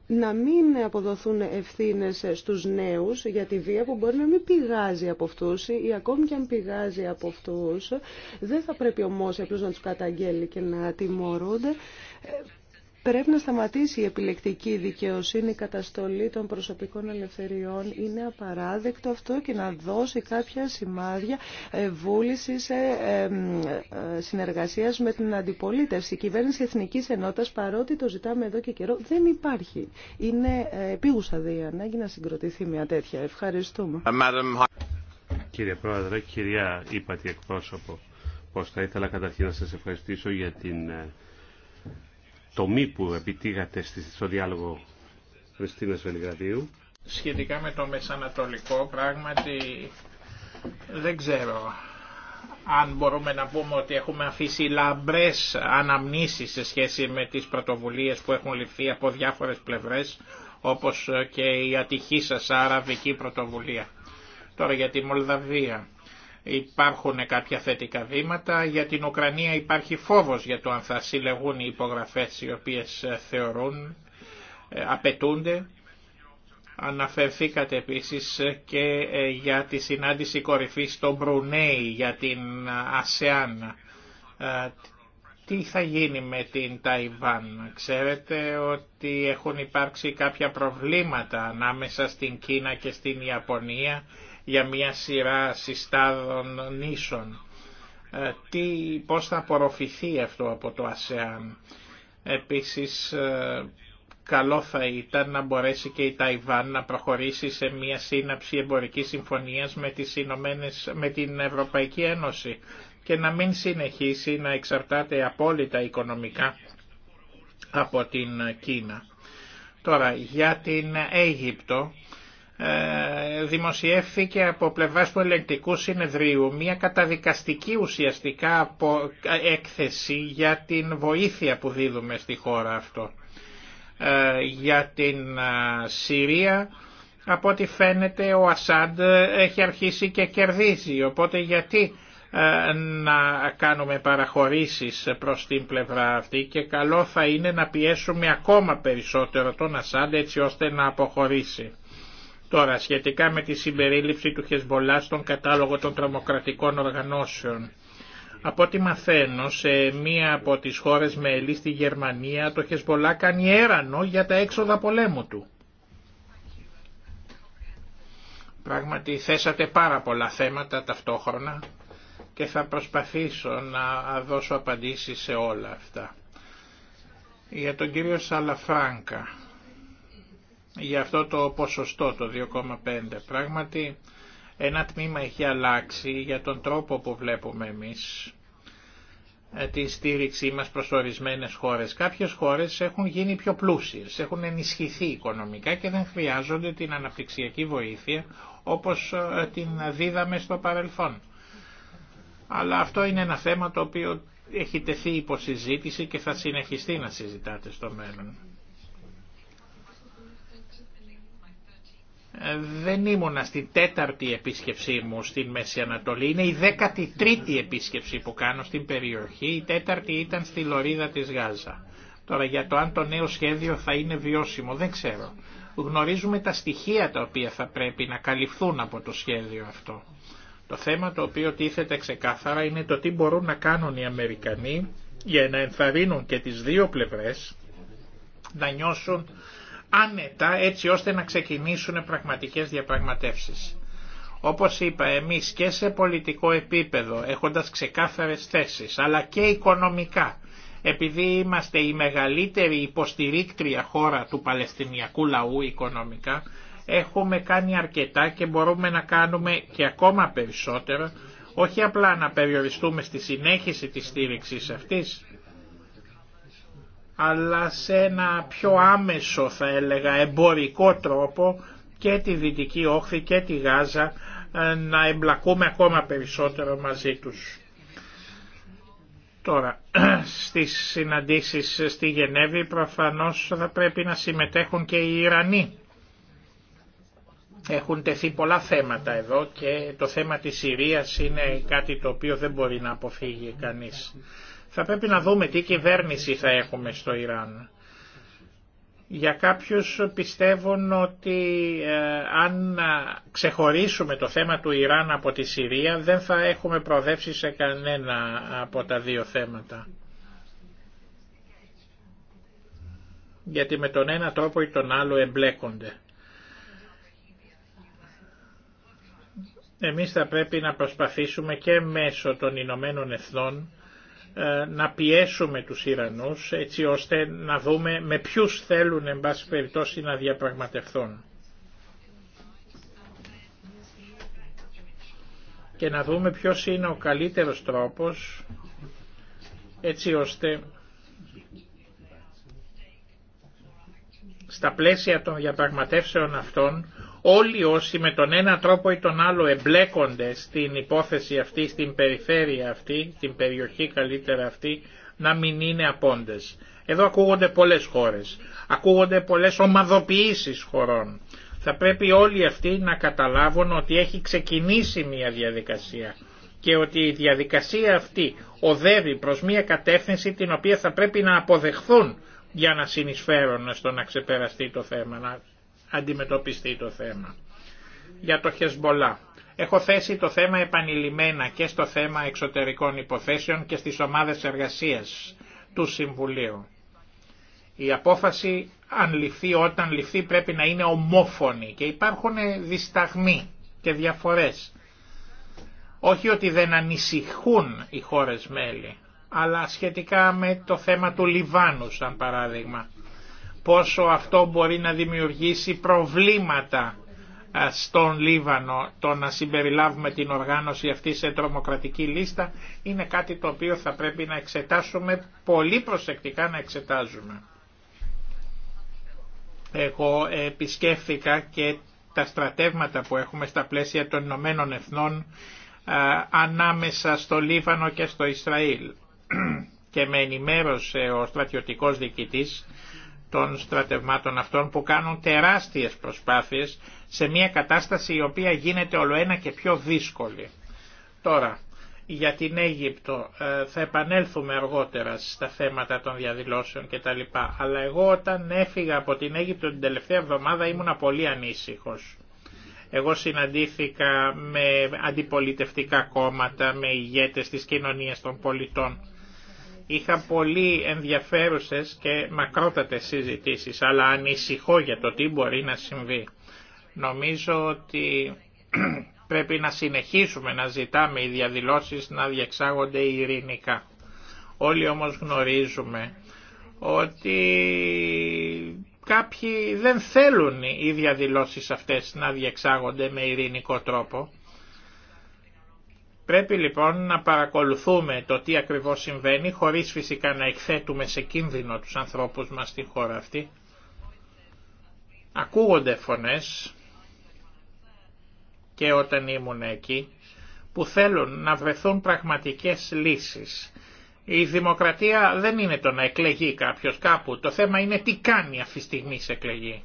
να μην αποδοθούν ευθύνες στους νέους για τη βία που μπορεί να μην πηγάζει από αυτούς ή ακόμη και αν πηγάζει από αυτούς δεν θα πρέπει όμως να τους καταγγέλει και να τιμωρούνται ε, Πρέπει να σταματήσει η επιλεκτική δικαιοσύνη, η καταστολή των προσωπικών ελευθεριών. Είναι απαράδεκτο αυτό και να δώσει κάποια σημάδια ε, βούληση σε ε, συνεργασία με την αντιπολίτευση. Η κυβέρνηση Εθνική Ενότητα, παρότι το ζητάμε εδώ και καιρό, δεν υπάρχει. Είναι ε, επίγουσα δε η ανάγκη να συγκροτηθεί μια τέτοια. Ευχαριστούμε. Κύριε Πρόεδρε, κυρία είπατε εκπρόσωπο, πως θα ήθελα καταρχήν να σας ευχαριστήσω για την τομή που επιτύγατε στο διάλογο Χριστίνας Βελιγραδίου. Σχετικά με το Μεσανατολικό πράγματι δεν ξέρω αν μπορούμε να πούμε ότι έχουμε αφήσει λαμπρές αναμνήσεις σε σχέση με τις πρωτοβουλίες που έχουν ληφθεί από διάφορες πλευρές όπως και η ατυχή σας αραβική πρωτοβουλία. Τώρα για τη Μολδαβία υπάρχουν κάποια θετικά βήματα. Για την Ουκρανία υπάρχει φόβος για το αν θα συλλεγούν οι υπογραφές οι οποίες ε, θεωρούν, ε, απαιτούνται. Αναφερθήκατε επίσης ε, και για τη συνάντηση κορυφής στο Μπρουνέι για την ΑΣΕΑΝ. Τι θα γίνει με την Ταϊβάν. Ξέρετε ότι έχουν υπάρξει κάποια προβλήματα ανάμεσα στην Κίνα και στην Ιαπωνία για μια σειρά συστάδων νήσων. Ε, τι, πώς θα απορροφηθεί αυτό από το ΑΣΕΑΝ. Επίσης ε, καλό θα ήταν να μπορέσει και η Ταϊβάν να προχωρήσει σε μια σύναψη εμπορικής συμφωνίας με, τις με την Ευρωπαϊκή Ένωση και να μην συνεχίσει να εξαρτάται απόλυτα οικονομικά από την Κίνα. Τώρα για την Αίγυπτο ε, δημοσιεύθηκε από πλευράς του ελεγκτικού συνεδρίου μια καταδικαστική ουσιαστικά έκθεση για την βοήθεια που δίδουμε στη χώρα αυτό. Ε, για την Συρία από ό,τι φαίνεται ο Ασάντ έχει αρχίσει και κερδίζει οπότε γιατί ε, να κάνουμε παραχωρήσεις προς την πλευρά αυτή και καλό θα είναι να πιέσουμε ακόμα περισσότερο τον Ασάντ έτσι ώστε να αποχωρήσει. Τώρα, σχετικά με τη συμπερίληψη του Χεσμολά στον κατάλογο των τρομοκρατικών οργανώσεων. Από ό,τι μαθαίνω, σε μία από τις χώρες με στη Γερμανία, το Χεσμολά κάνει έρανο για τα έξοδα πολέμου του. Πράγματι, θέσατε πάρα πολλά θέματα ταυτόχρονα και θα προσπαθήσω να δώσω απαντήσεις σε όλα αυτά. Για τον κύριο Σαλαφράνκα για αυτό το ποσοστό το 2,5. Πράγματι ένα τμήμα έχει αλλάξει για τον τρόπο που βλέπουμε εμείς ε, τη στήριξή μας προς ορισμένες χώρες. Κάποιες χώρες έχουν γίνει πιο πλούσιες, έχουν ενισχυθεί οικονομικά και δεν χρειάζονται την αναπτυξιακή βοήθεια όπως ε, την δίδαμε στο παρελθόν. Αλλά αυτό είναι ένα θέμα το οποίο έχει τεθεί υποσυζήτηση και θα συνεχιστεί να συζητάτε στο μέλλον. Ε, δεν ήμουνα στην τέταρτη επίσκεψή μου στην Μέση Ανατολή. Είναι η δέκατη τρίτη επίσκεψη που κάνω στην περιοχή. Η τέταρτη ήταν στη Λωρίδα της Γάζα. Τώρα για το αν το νέο σχέδιο θα είναι βιώσιμο δεν ξέρω. Γνωρίζουμε τα στοιχεία τα οποία θα πρέπει να καλυφθούν από το σχέδιο αυτό. Το θέμα το οποίο τίθεται ξεκάθαρα είναι το τι μπορούν να κάνουν οι Αμερικανοί για να ενθαρρύνουν και τις δύο πλευρές να νιώσουν άνετα έτσι ώστε να ξεκινήσουν πραγματικές διαπραγματεύσεις. Όπως είπα εμείς και σε πολιτικό επίπεδο έχοντας ξεκάθαρες θέσεις αλλά και οικονομικά επειδή είμαστε η μεγαλύτερη υποστηρίκτρια χώρα του Παλαιστινιακού λαού οικονομικά έχουμε κάνει αρκετά και μπορούμε να κάνουμε και ακόμα περισσότερο όχι απλά να περιοριστούμε στη συνέχιση της στήριξης αυτής αλλά σε ένα πιο άμεσο θα έλεγα εμπορικό τρόπο και τη Δυτική Όχθη και τη Γάζα ε, να εμπλακούμε ακόμα περισσότερο μαζί τους. Τώρα, [CLEARS THROAT] στις συναντήσεις στη Γενέβη προφανώς θα πρέπει να συμμετέχουν και οι Ιρανοί. Έχουν τεθεί πολλά θέματα εδώ και το θέμα της Συρίας είναι κάτι το οποίο δεν μπορεί να αποφύγει κανείς. Θα πρέπει να δούμε τι κυβέρνηση θα έχουμε στο Ιράν. Για κάποιους πιστεύουν ότι ε, αν ξεχωρίσουμε το θέμα του Ιράν από τη Συρία δεν θα έχουμε προοδεύσει σε κανένα από τα δύο θέματα. Γιατί με τον ένα τρόπο ή τον άλλο εμπλέκονται. Εμείς θα πρέπει να προσπαθήσουμε και μέσω των Ηνωμένων Εθνών ε, να πιέσουμε τους Ιρανούς έτσι ώστε να δούμε με ποιους θέλουν εν πάση περιπτώσει να διαπραγματευθούν. Και να δούμε ποιος είναι ο καλύτερος τρόπος έτσι ώστε στα πλαίσια των διαπραγματεύσεων αυτών όλοι όσοι με τον ένα τρόπο ή τον άλλο εμπλέκονται στην υπόθεση αυτή, στην περιφέρεια αυτή, στην περιοχή καλύτερα αυτή, να μην είναι απόντες. Εδώ ακούγονται πολλές χώρες, ακούγονται πολλές ομαδοποιήσεις χωρών. Θα πρέπει όλοι αυτοί να καταλάβουν ότι έχει ξεκινήσει μια διαδικασία και ότι η διαδικασία αυτή οδεύει προς μια κατεύθυνση την οποία θα πρέπει να αποδεχθούν για να συνεισφέρουν στο να ξεπεραστεί το θέμα, αντιμετωπιστεί το θέμα. Για το Χεσμολά. Έχω θέσει το θέμα επανειλημμένα και στο θέμα εξωτερικών υποθέσεων και στις ομάδες εργασίας του Συμβουλίου. Η απόφαση αν ληφθεί όταν ληφθεί πρέπει να είναι ομόφωνη και υπάρχουν δισταγμοί και διαφορές. Όχι ότι δεν ανησυχούν οι χώρες μέλη, αλλά σχετικά με το θέμα του Λιβάνου σαν παράδειγμα πόσο αυτό μπορεί να δημιουργήσει προβλήματα στον Λίβανο το να συμπεριλάβουμε την οργάνωση αυτή σε τρομοκρατική λίστα είναι κάτι το οποίο θα πρέπει να εξετάσουμε πολύ προσεκτικά να εξετάζουμε. Εγώ επισκέφθηκα και τα στρατεύματα που έχουμε στα πλαίσια των Ηνωμένων Εθνών ανάμεσα στο Λίβανο και στο Ισραήλ [CLEARS THROAT] και με ενημέρωσε ο στρατιωτικός διοικητής των στρατευμάτων αυτών που κάνουν τεράστιες προσπάθειες σε μια κατάσταση η οποία γίνεται ολοένα και πιο δύσκολη. Τώρα, για την Αίγυπτο ε, θα επανέλθουμε αργότερα στα θέματα των διαδηλώσεων κτλ. Αλλά εγώ όταν έφυγα από την Αίγυπτο την τελευταία εβδομάδα ήμουνα πολύ ανήσυχος. Εγώ συναντήθηκα με αντιπολιτευτικά κόμματα, με ηγέτες της κοινωνίας των πολιτών Είχα πολύ ενδιαφέρουσες και μακρότατες συζητήσεις, αλλά ανησυχώ για το τι μπορεί να συμβεί. Νομίζω ότι [CLEARS THROAT] πρέπει να συνεχίσουμε να ζητάμε οι διαδηλώσεις να διεξάγονται ειρηνικά. Όλοι όμως γνωρίζουμε ότι κάποιοι δεν θέλουν οι διαδηλώσεις αυτές να διεξάγονται με ειρηνικό τρόπο Πρέπει λοιπόν να παρακολουθούμε το τι ακριβώς συμβαίνει, χωρίς φυσικά να εκθέτουμε σε κίνδυνο τους ανθρώπους μας στη χώρα αυτή. Ακούγονται φωνές και όταν ήμουν εκεί που θέλουν να βρεθούν πραγματικές λύσεις. Η δημοκρατία δεν είναι το να εκλεγεί κάποιος κάπου, το θέμα είναι τι κάνει αυτή τη στιγμή σε εκλεγεί.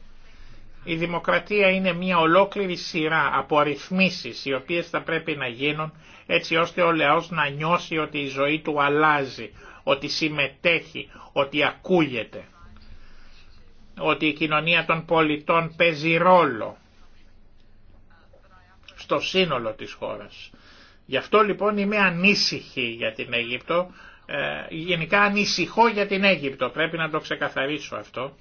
Η δημοκρατία είναι μια ολόκληρη σειρά από αριθμίσεις οι οποίες θα πρέπει να γίνουν έτσι ώστε ο λαός να νιώσει ότι η ζωή του αλλάζει, ότι συμμετέχει, ότι ακούγεται, ότι η κοινωνία των πολιτών παίζει ρόλο στο σύνολο της χώρας. Γι' αυτό λοιπόν είμαι ανήσυχη για την Αίγυπτο, ε, γενικά ανησυχώ για την Αίγυπτο, πρέπει να το ξεκαθαρίσω αυτό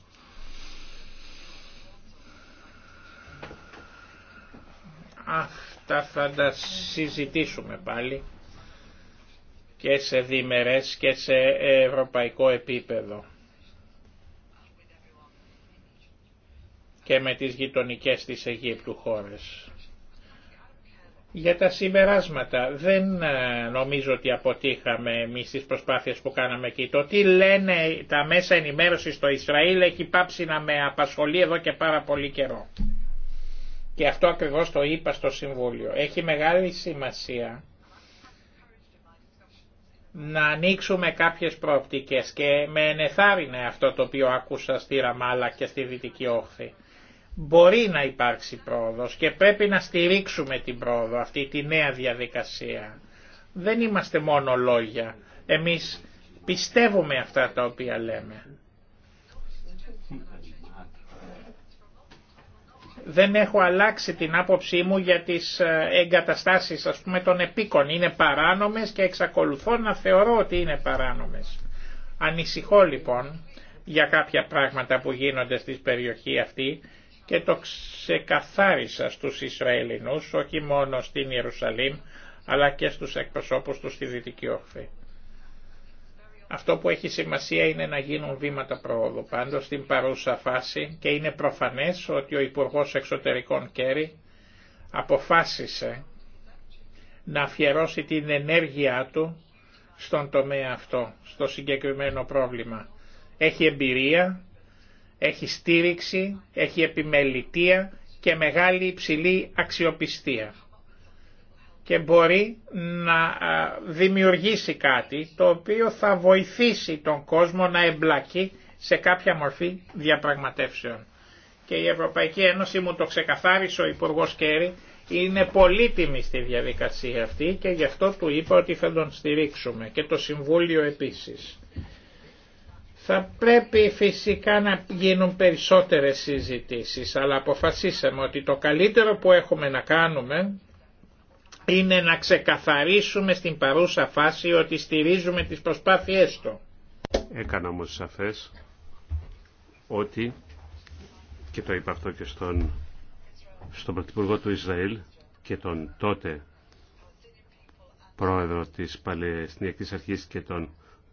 Αυτά θα τα συζητήσουμε πάλι και σε διμερές και σε ευρωπαϊκό επίπεδο και με τις γειτονικές της Αιγύπτου χώρες. Για τα συμπεράσματα δεν ε, νομίζω ότι αποτύχαμε εμεί τις προσπάθειες που κάναμε εκεί. Το τι λένε τα μέσα ενημέρωσης στο Ισραήλ έχει πάψει να με απασχολεί εδώ και πάρα πολύ καιρό και αυτό ακριβώς το είπα στο Συμβούλιο. Έχει μεγάλη σημασία να ανοίξουμε κάποιες προοπτικές και με ενεθάρρυνε αυτό το οποίο άκουσα στη Ραμάλα και στη Δυτική Όχθη. Μπορεί να υπάρξει πρόοδος και πρέπει να στηρίξουμε την πρόοδο αυτή τη νέα διαδικασία. Δεν είμαστε μόνο λόγια. Εμείς πιστεύουμε αυτά τα οποία λέμε. δεν έχω αλλάξει την άποψή μου για τις ε, εγκαταστάσεις ας πούμε των επίκων. Είναι παράνομες και εξακολουθώ να θεωρώ ότι είναι παράνομες. Ανησυχώ λοιπόν για κάποια πράγματα που γίνονται στη περιοχή αυτή και το ξεκαθάρισα στους Ισραηλινούς, όχι μόνο στην Ιερουσαλήμ, αλλά και στους εκπροσώπους του στη Δυτική Όχθη. Αυτό που έχει σημασία είναι να γίνουν βήματα προόδου πάντως στην παρούσα φάση και είναι προφανές ότι ο Υπουργός Εξωτερικών Κέρι αποφάσισε να αφιερώσει την ενέργειά του στον τομέα αυτό, στο συγκεκριμένο πρόβλημα. Έχει εμπειρία, έχει στήριξη, έχει επιμελητία και μεγάλη υψηλή αξιοπιστία και μπορεί να δημιουργήσει κάτι το οποίο θα βοηθήσει τον κόσμο να εμπλακεί σε κάποια μορφή διαπραγματεύσεων. Και η Ευρωπαϊκή Ένωση μου το ξεκαθάρισε ο Υπουργό Κέρι είναι πολύτιμη στη διαδικασία αυτή και γι' αυτό του είπα ότι θα τον στηρίξουμε και το Συμβούλιο επίσης. Θα πρέπει φυσικά να γίνουν περισσότερες συζητήσεις, αλλά αποφασίσαμε ότι το καλύτερο που έχουμε να κάνουμε είναι να ξεκαθαρίσουμε στην παρούσα φάση ότι στηρίζουμε τις προσπάθειές του. Έκανα όμως σαφές ότι, και το είπα αυτό και στον, στον Πρωθυπουργό του Ισραήλ και τον τότε πρόεδρο της Παλαιστινιακής Αρχής και τον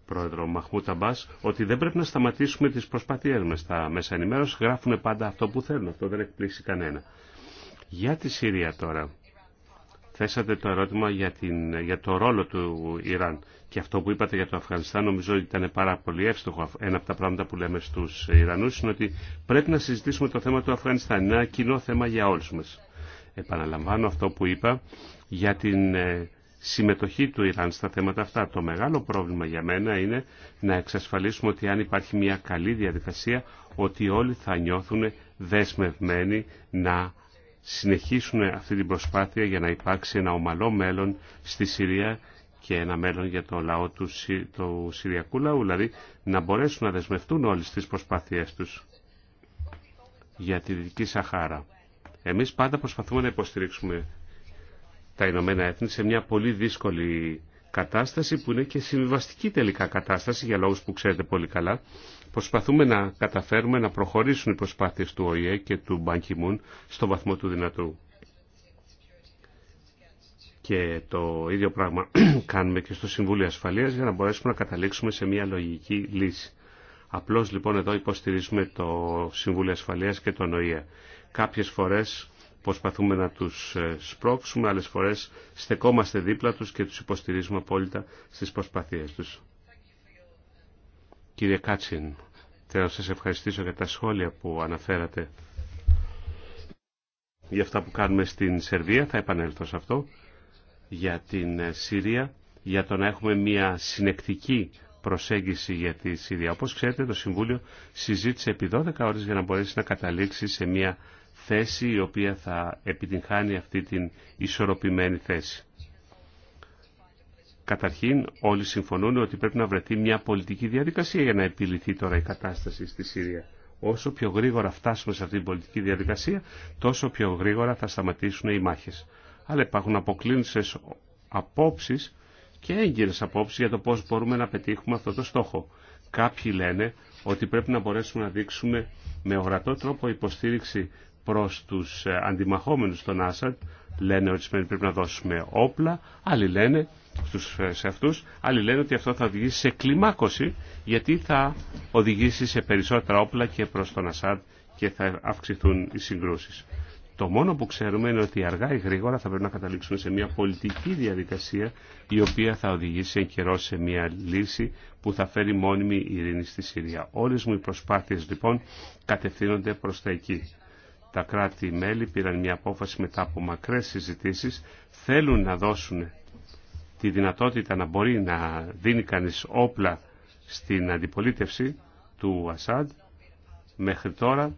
πρόεδρο Μαχμού Ταμπάς, ότι δεν πρέπει να σταματήσουμε τις προσπάθειες μας. Τα μέσα ενημέρωση γράφουν πάντα αυτό που θέλουν. Αυτό δεν εκπλήσει κανένα. Για τη Συρία τώρα θέσατε το ερώτημα για, την, για το ρόλο του Ιράν. Και αυτό που είπατε για το Αφγανιστάν νομίζω ότι ήταν πάρα πολύ εύστοχο. Ένα από τα πράγματα που λέμε στου Ιρανούς είναι ότι πρέπει να συζητήσουμε το θέμα του Αφγανιστάν. Είναι ένα κοινό θέμα για όλου μα. Επαναλαμβάνω αυτό που είπα για την ε, συμμετοχή του Ιράν στα θέματα αυτά. Το μεγάλο πρόβλημα για μένα είναι να εξασφαλίσουμε ότι αν υπάρχει μια καλή διαδικασία, ότι όλοι θα νιώθουν δεσμευμένοι να συνεχίσουν αυτή την προσπάθεια για να υπάρξει ένα ομαλό μέλλον στη Συρία και ένα μέλλον για το λαό του, του Συριακού λαού, δηλαδή να μπορέσουν να δεσμευτούν όλες τις προσπάθειές τους για τη Δυτική Σαχάρα. Εμείς πάντα προσπαθούμε να υποστηρίξουμε τα Ηνωμένα Έθνη σε μια πολύ δύσκολη κατάσταση που είναι και συμβιβαστική τελικά κατάσταση για λόγους που ξέρετε πολύ καλά Προσπαθούμε να καταφέρουμε να προχωρήσουν οι προσπάθειες του ΟΗΕ και του Μπανκιμούν στο βαθμό του δυνατού. Και το ίδιο πράγμα [CLEARS THROAT] κάνουμε και στο Συμβούλιο Ασφαλείας για να μπορέσουμε να καταλήξουμε σε μια λογική λύση. Απλώς λοιπόν εδώ υποστηρίζουμε το Συμβούλιο Ασφαλείας και τον ΟΗΕ. Κάποιες φορές προσπαθούμε να τους ε, σπρώξουμε, άλλες φορές στεκόμαστε δίπλα τους και τους υποστηρίζουμε απόλυτα στις προσπαθίες τους. Κύριε Κάτσιν, θέλω να σας ευχαριστήσω για τα σχόλια που αναφέρατε για αυτά που κάνουμε στην Σερβία, θα επανέλθω σε αυτό, για την ε, Συρία, για το να έχουμε μια συνεκτική προσέγγιση για τη Συρία. Όπως ξέρετε, το Συμβούλιο συζήτησε επί 12 ώρες για να μπορέσει να καταλήξει σε μια θέση η οποία θα επιτυγχάνει αυτή την ισορροπημένη θέση. Καταρχήν όλοι συμφωνούν ότι πρέπει να βρεθεί μια πολιτική διαδικασία για να επιληθεί τώρα η κατάσταση στη Συρία. Όσο πιο γρήγορα φτάσουμε σε αυτή την πολιτική διαδικασία, τόσο πιο γρήγορα θα σταματήσουν οι μάχες. Αλλά υπάρχουν αποκλίνουσες απόψεις και έγκυρες απόψεις για το πώς μπορούμε να πετύχουμε αυτό το στόχο. Κάποιοι λένε ότι πρέπει να μπορέσουμε να δείξουμε με ορατό τρόπο υποστήριξη προς τους ε, αντιμαχόμενους των Άσαντ. Λένε ότι πρέπει να δώσουμε όπλα, άλλοι λένε στους, ε, σε αυτούς. Άλλοι λένε ότι αυτό θα οδηγήσει σε κλιμάκωση γιατί θα οδηγήσει σε περισσότερα όπλα και προς τον Ασάντ και θα αυξηθούν οι συγκρούσεις. Το μόνο που ξέρουμε είναι ότι αργά ή γρήγορα θα πρέπει να καταλήξουν σε μια πολιτική διαδικασία η οποία θα οδηγήσει εν καιρό σε μια λύση που θα φέρει μόνιμη ειρήνη στη Συρία. Όλες μου οι προσπάθειες λοιπόν κατευθύνονται προς τα εκεί. Τα κράτη-μέλη πήραν μια απόφαση μετά από μακρές συζητήσεις, θέλουν να δώσουν τη δυνατότητα να μπορεί να δίνει κανείς όπλα στην αντιπολίτευση του Ασάντ μέχρι τώρα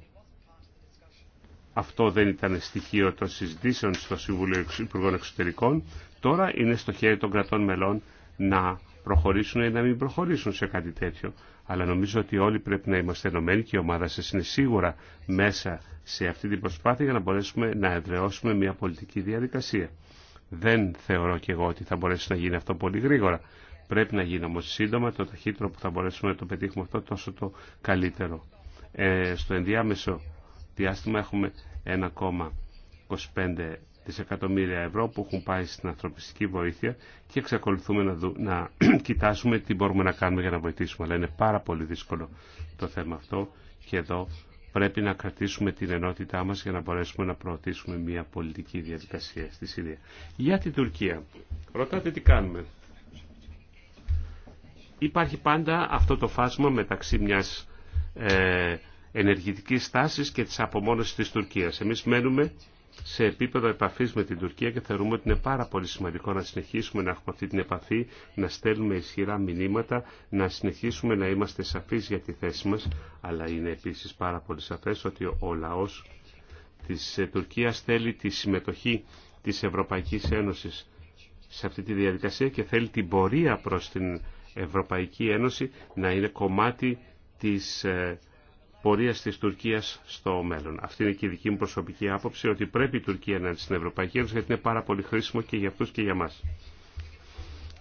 αυτό δεν ήταν στοιχείο των συζητήσεων στο Συμβούλιο Υπουργών Εξωτερικών. Τώρα είναι στο χέρι των κρατών μελών να προχωρήσουν ή να μην προχωρήσουν σε κάτι τέτοιο. Αλλά νομίζω ότι όλοι πρέπει να είμαστε ενωμένοι και η ομάδα σα είναι σίγουρα μέσα σε αυτή την προσπάθεια για να μπορέσουμε να εδραιώσουμε μια πολιτική διαδικασία. Δεν θεωρώ και εγώ ότι θα μπορέσει να γίνει αυτό πολύ γρήγορα. Πρέπει να γίνει όμως σύντομα, το ταχύτερο που θα μπορέσουμε να το πετύχουμε αυτό τόσο το καλύτερο. Ε, στο ενδιάμεσο διάστημα έχουμε 1,25 δισεκατομμύρια ευρώ που έχουν πάει στην ανθρωπιστική βοήθεια και εξακολουθούμε να, δου, να [CLEARS THROAT] κοιτάσουμε τι μπορούμε να κάνουμε για να βοηθήσουμε. Αλλά είναι πάρα πολύ δύσκολο το θέμα αυτό και εδώ πρέπει να κρατήσουμε την ενότητά μας για να μπορέσουμε να προωθήσουμε μια πολιτική διαδικασία στη Συρία. Για την Τουρκία. Ρωτάτε τι κάνουμε. Υπάρχει πάντα αυτό το φάσμα μεταξύ μιας ε, ενεργητικής στάσης και της απομόνωσης της Τουρκίας. Εμείς μένουμε σε επίπεδο επαφής με την Τουρκία και θεωρούμε ότι είναι πάρα πολύ σημαντικό να συνεχίσουμε να έχουμε αυτή την επαφή, να στέλνουμε ισχυρά μηνύματα, να συνεχίσουμε να είμαστε σαφείς για τη θέση μας, αλλά είναι επίσης πάρα πολύ σαφέ ότι ο λαό της ε, Τουρκίας θέλει τη συμμετοχή της Ευρωπαϊκής Ένωσης σε αυτή τη διαδικασία και θέλει την πορεία προς την Ευρωπαϊκή Ένωση να είναι κομμάτι της ε, Πορεία τη Τουρκία στο μέλλον. Αυτή είναι και η δική μου προσωπική άποψη ότι πρέπει η Τουρκία να είναι στην Ευρωπαϊκή Ένωση γιατί είναι πάρα πολύ χρήσιμο και για αυτού και για μας.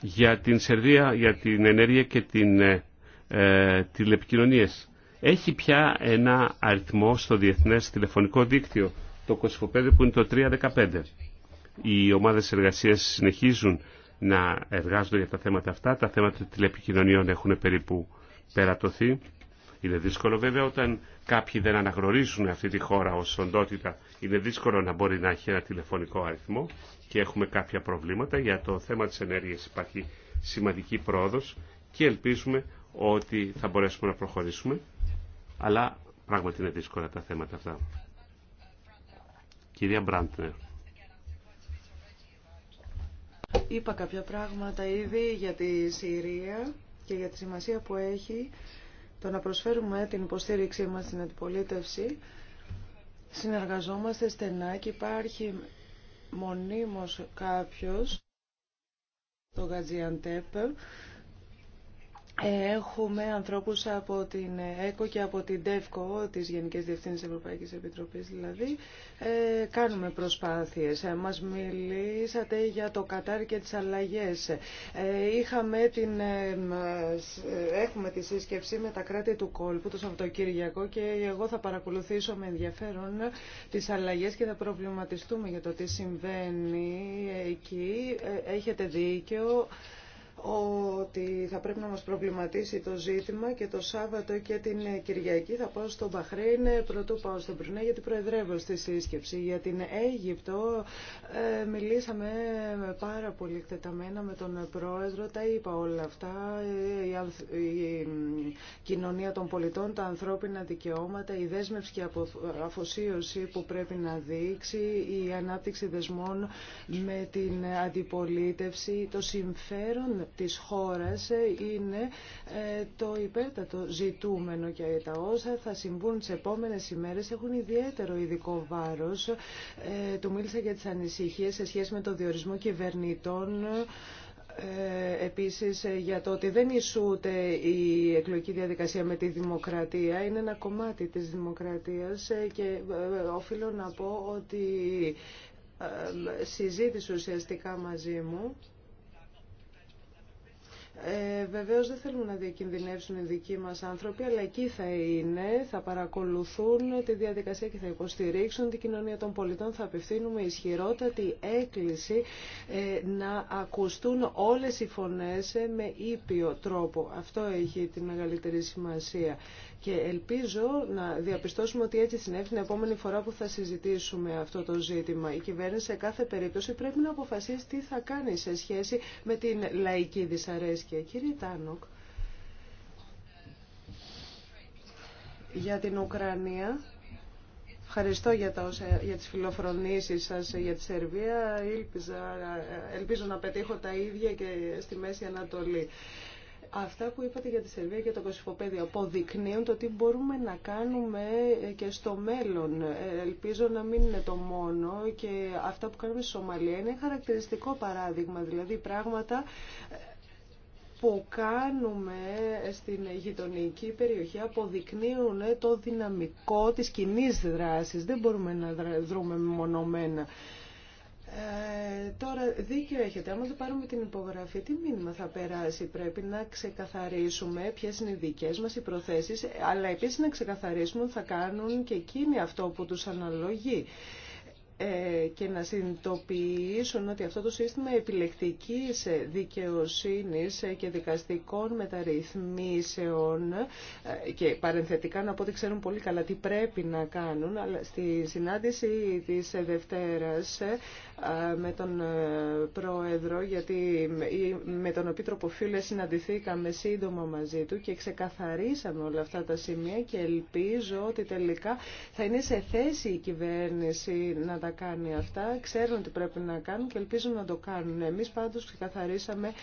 Για την Σερβία, για την ενέργεια και την ε, ε τηλεπικοινωνίες. Έχει πια ένα αριθμό στο διεθνέ τηλεφωνικό δίκτυο, το Κωσυφοπέδιο που είναι το 315. Οι ομάδε εργασία συνεχίζουν να εργάζονται για τα θέματα αυτά. Τα θέματα τηλεπικοινωνιών έχουν περίπου περατωθεί. Είναι δύσκολο βέβαια όταν κάποιοι δεν αναγνωρίζουν αυτή τη χώρα ως οντότητα. Είναι δύσκολο να μπορεί να έχει ένα τηλεφωνικό αριθμό και έχουμε κάποια προβλήματα. Για το θέμα της ενέργειας υπάρχει σημαντική πρόοδος και ελπίζουμε ότι θα μπορέσουμε να προχωρήσουμε. Αλλά πράγματι είναι δύσκολα τα θέματα αυτά. Κυρία Μπραντνερ. Είπα κάποια πράγματα ήδη για τη Συρία και για τη σημασία που έχει το να προσφέρουμε την υποστήριξή μας στην αντιπολίτευση. Συνεργαζόμαστε στενά και υπάρχει μονίμως κάποιος το Γατζιαντέπ Έχουμε ανθρώπους από την ΕΚΟ και από την ΤΕΦΚΟ, της Γενικές Διευθύνσεις Ευρωπαϊκής Επιτροπής δηλαδή. Ε, κάνουμε προσπάθειες. Ε, μας μιλήσατε για το Κατάρ και τις αλλαγές. Ε, την, ε, έχουμε τη σύσκεψη με τα κράτη του κόλπου το Σαββατοκύριακο και εγώ θα παρακολουθήσω με ενδιαφέρον τις αλλαγές και θα προβληματιστούμε για το τι συμβαίνει εκεί. έχετε δίκιο ότι θα πρέπει να μας προβληματίσει το ζήτημα και το Σάββατο και την Κυριακή θα πάω στο Μπαχρέιν, πρωτού πάω στο Πρινέ γιατί προεδρεύω στη σύσκεψη. Για την Αίγυπτο ε, μιλήσαμε πάρα πολύ εκτεταμένα με τον Πρόεδρο, τα είπα όλα αυτά, η, κοινωνία των πολιτών, τα ανθρώπινα δικαιώματα, η δέσμευση και αφοσίωση που πρέπει να δείξει, η ανάπτυξη δεσμών με την αντιπολίτευση, το συμφέρον της χώρας είναι ε, το υπέρτατο ζητούμενο και τα όσα θα συμβούν τις επόμενες ημέρες έχουν ιδιαίτερο ειδικό βάρος. Ε, Του μίλησα για τις ανησυχίες σε σχέση με το διορισμό κυβερνητών ε, επίσης για το ότι δεν ισούται η εκλογική διαδικασία με τη δημοκρατία. Είναι ένα κομμάτι της δημοκρατίας και οφείλω να πω ότι συζήτησε ουσιαστικά μαζί μου ε, βεβαίως δεν θέλουμε να διακινδυνεύσουν οι δικοί μας άνθρωποι, αλλά εκεί θα είναι, θα παρακολουθούν τη διαδικασία και θα υποστηρίξουν την κοινωνία των πολιτών. Θα απευθύνουμε ισχυρότατη έκκληση ε, να ακουστούν όλες οι φωνές ε, με ήπιο τρόπο. Αυτό έχει τη μεγαλύτερη σημασία. Και ελπίζω να διαπιστώσουμε ότι έτσι συνέβη την επόμενη φορά που θα συζητήσουμε αυτό το ζήτημα. Η κυβέρνηση σε κάθε περίπτωση πρέπει να αποφασίσει τι θα κάνει σε σχέση με την λαϊκή δυσαρέσκεια. Κύριε Τάνοκ, για την Ουκρανία Ευχαριστώ για, τα, για τις φιλοφρονήσεις σας για τη Σερβία. Ελπίζω, ελπίζω να πετύχω τα ίδια και στη Μέση Ανατολή. Αυτά που είπατε για τη Σερβία και το Κωσυφοπαίδιο αποδεικνύουν το τι μπορούμε να κάνουμε ε, και στο μέλλον. Ε, ελπίζω να μην είναι το μόνο και αυτά που κάνουμε στη Σομαλία είναι χαρακτηριστικό παράδειγμα, δηλαδή πράγματα ε, που κάνουμε στην γειτονική περιοχή αποδεικνύουν το δυναμικό της κοινή δράσης. Δεν μπορούμε να δρούμε μονομένα. Ε, τώρα δίκιο έχετε, άμα το πάρουμε την υπογραφή, τι μήνυμα θα περάσει. Πρέπει να ξεκαθαρίσουμε ποιε είναι οι δικέ μα οι προθέσει, αλλά επίση να ξεκαθαρίσουμε ότι θα κάνουν και εκείνοι αυτό που του αναλογεί. Ε, και να συνειδητοποιήσουν ότι αυτό το σύστημα επιλεκτικής δικαιοσύνης και δικαστικών μεταρρυθμίσεων ε, και παρενθετικά να πω ότι ξέρουν πολύ καλά τι πρέπει να κάνουν αλλά στη συνάντηση της Δευτέρας ε, με τον Πρόεδρο γιατί με τον Επίτροπο Φίλε συναντηθήκαμε σύντομα μαζί του και ξεκαθαρίσαμε όλα αυτά τα σημεία και ελπίζω ότι τελικά θα είναι σε θέση η κυβέρνηση να τα τα κάνει αυτά, ξέρουν τι πρέπει να κάνουν και ελπίζουν να το κάνουν. Εμείς πάντως ξεκαθαρίσαμε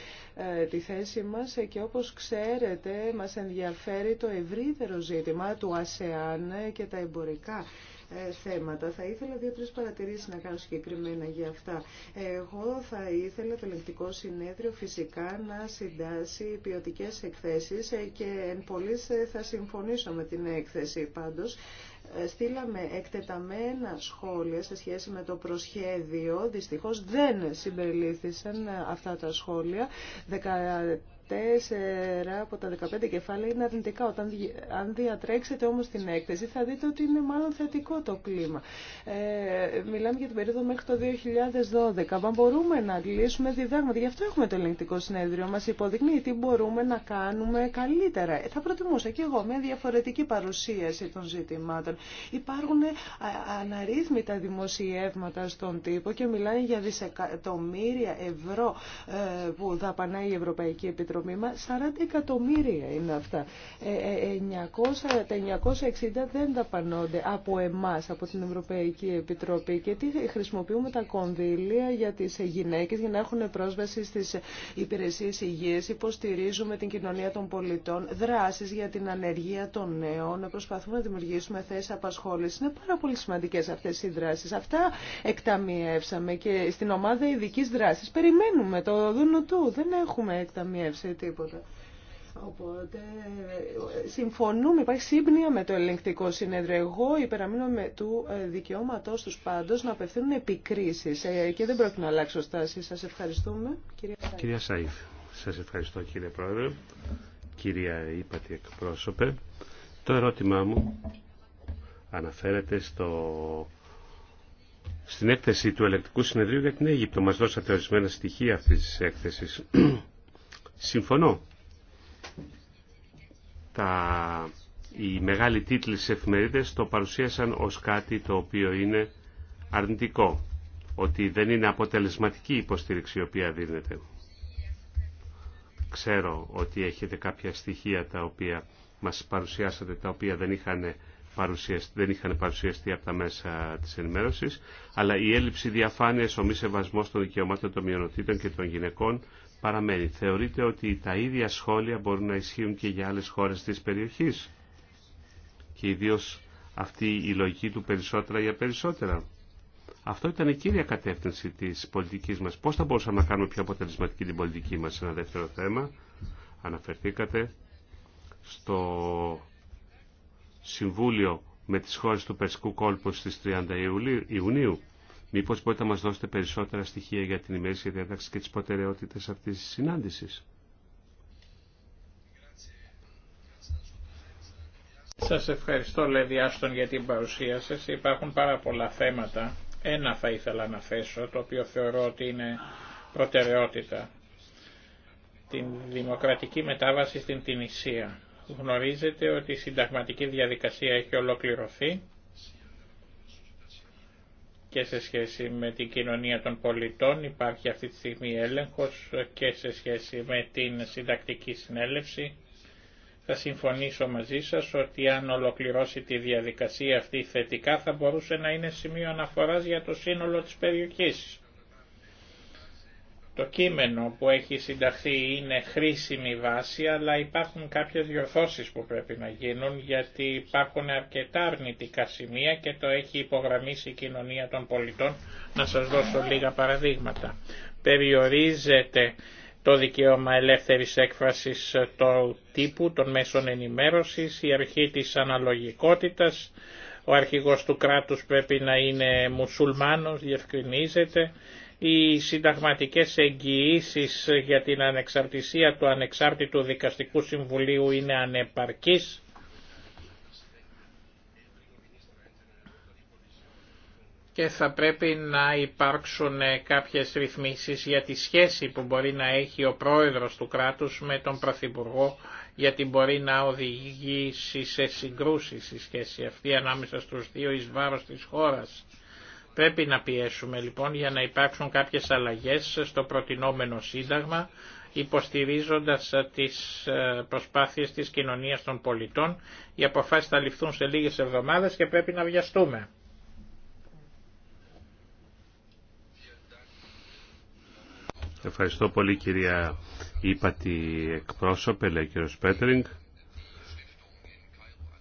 ε, τη θέση μας ε, και όπως ξέρετε μας ενδιαφέρει το ευρύτερο ζήτημα του ΑΣΕΑΝ ε, και τα εμπορικά θέματα. Θα ήθελα δύο-τρεις παρατηρήσεις να κάνω συγκεκριμένα για αυτά. Εγώ θα ήθελα το ελεγκτικό συνέδριο φυσικά να συντάσει ποιοτικέ εκθέσεις και εν θα συμφωνήσω με την έκθεση πάντως στείλαμε εκτεταμένα σχόλια σε σχέση με το προσχέδιο. Δυστυχώς δεν συμπεριλήφθησαν αυτά τα σχόλια τέσσερα από τα 15 κεφάλαια είναι αρνητικά. Όταν, αν διατρέξετε όμως την έκθεση θα δείτε ότι είναι μάλλον θετικό το κλίμα. Ε, μιλάμε για την περίοδο μέχρι το 2012. Αν μπορούμε να λύσουμε διδάγματα. Γι' αυτό έχουμε το ελεγκτικό συνέδριο. Μας υποδεικνύει τι μπορούμε να κάνουμε καλύτερα. θα προτιμούσα και εγώ μια διαφορετική παρουσίαση των ζητημάτων. Υπάρχουν ε, αναρρύθμιτα δημοσιεύματα στον τύπο και μιλάνε για δισεκατομμύρια ευρώ ε, που δαπανάει η Ευρωπαϊκή Επιτροπή συνδρομή 40 εκατομμύρια είναι αυτά. 900, ε, 960 ε, ε, δεν δαπανώνται από εμά από την Ευρωπαϊκή Επιτροπή. Και τι χρησιμοποιούμε τα κονδύλια για τι γυναίκε για να έχουν πρόσβαση στι υπηρεσίε υγείας. Υποστηρίζουμε την κοινωνία των πολιτών, Δράσει για την ανεργία των νέων. Προσπαθούμε να δημιουργήσουμε θέσει απασχόλησης. Είναι πάρα πολύ σημαντικέ αυτέ οι δράσει. Αυτά εκταμιεύσαμε και στην ομάδα ειδική δράση περιμένουμε το δούνο του. Δεν έχουμε εκταμιεύσει σε τίποτα. Οπότε συμφωνούμε, υπάρχει σύμπνοια με το ελεγκτικό συνέδριο. Εγώ υπεραμείνω με του ε, δικαιώματό του πάντω να απευθύνουν επικρίσει ε, και δεν πρόκειται να αλλάξω στάση. Σα ευχαριστούμε, κυρία Σαΐφ. Κυρία σα ευχαριστώ κύριε Πρόεδρε, κυρία Ήπατη εκπρόσωπε. Το ερώτημά μου αναφέρεται στο... στην έκθεση του ελεγκτικού συνεδρίου για την Αίγυπτο. Μα δώσατε ορισμένα στοιχεία αυτής της έκθεσης. Συμφωνώ. Τα... Οι μεγάλοι τίτλοι στις εφημερίδες το παρουσίασαν ως κάτι το οποίο είναι αρνητικό. Ότι δεν είναι αποτελεσματική η υποστήριξη η οποία δίνεται. Ξέρω ότι έχετε κάποια στοιχεία τα οποία μας παρουσιάσατε, τα οποία δεν είχαν παρουσιαστεί, δεν είχαν παρουσιαστεί από τα μέσα της ενημέρωσης, αλλά η έλλειψη διαφάνειας, ο μη σεβασμός των δικαιωμάτων των μειονοτήτων και των γυναικών παραμένει. Θεωρείτε ότι τα ίδια σχόλια μπορούν να ισχύουν και για άλλες χώρες της περιοχής και ιδίως αυτή η λογική του περισσότερα για περισσότερα. Αυτό ήταν η κύρια κατεύθυνση της πολιτικής μας. Πώς θα μπορούσαμε να κάνουμε πιο αποτελεσματική την πολιτική μας. Ένα δεύτερο θέμα. Αναφερθήκατε στο Συμβούλιο με τις χώρες του Περσικού Κόλπου στις 30 Ιουνίου Μήπως μπορείτε να μας δώσετε περισσότερα στοιχεία για την ημέρηση διάταξη και τις προτεραιότητες αυτής της συνάντησης. Σας ευχαριστώ Λέδη Άστον για την παρουσία σας. Υπάρχουν πάρα πολλά θέματα. Ένα θα ήθελα να θέσω, το οποίο θεωρώ ότι είναι προτεραιότητα. Την δημοκρατική μετάβαση στην Τινησία. Γνωρίζετε ότι η συνταγματική διαδικασία έχει ολοκληρωθεί και σε σχέση με την κοινωνία των πολιτών υπάρχει αυτή τη στιγμή έλεγχος και σε σχέση με την συντακτική συνέλευση. Θα συμφωνήσω μαζί σας ότι αν ολοκληρώσει τη διαδικασία αυτή θετικά θα μπορούσε να είναι σημείο αναφοράς για το σύνολο της περιοχής. Το κείμενο που έχει συνταχθεί είναι χρήσιμη βάση, αλλά υπάρχουν κάποιες διορθώσεις που πρέπει να γίνουν, γιατί υπάρχουν αρκετά αρνητικά σημεία και το έχει υπογραμμίσει η κοινωνία των πολιτών. Να σας δώσω λίγα παραδείγματα. Περιορίζεται το δικαίωμα ελεύθερης έκφρασης του τύπου, των μέσων ενημέρωσης, η αρχή της αναλογικότητας, ο αρχηγός του κράτους πρέπει να είναι μουσουλμάνος, διευκρινίζεται, οι συνταγματικές εγγυήσει για την ανεξαρτησία του ανεξάρτητου δικαστικού συμβουλίου είναι ανεπαρκής. και θα πρέπει να υπάρξουν κάποιες ρυθμίσεις για τη σχέση που μπορεί να έχει ο πρόεδρος του κράτους με τον Πρωθυπουργό γιατί μπορεί να οδηγήσει σε συγκρούσεις η σχέση αυτή ανάμεσα στους δύο εις βάρος της χώρας. Πρέπει να πιέσουμε λοιπόν για να υπάρξουν κάποιες αλλαγές στο προτινόμενο σύνταγμα υποστηρίζοντας τις ε, προσπάθειες της κοινωνίας των πολιτών. Οι αποφάσεις θα ληφθούν σε λίγες εβδομάδες και πρέπει να βιαστούμε. Ευχαριστώ πολύ κυρία Ήπατη εκπρόσωπε, λέει ο κύριος Πέτρινγκ.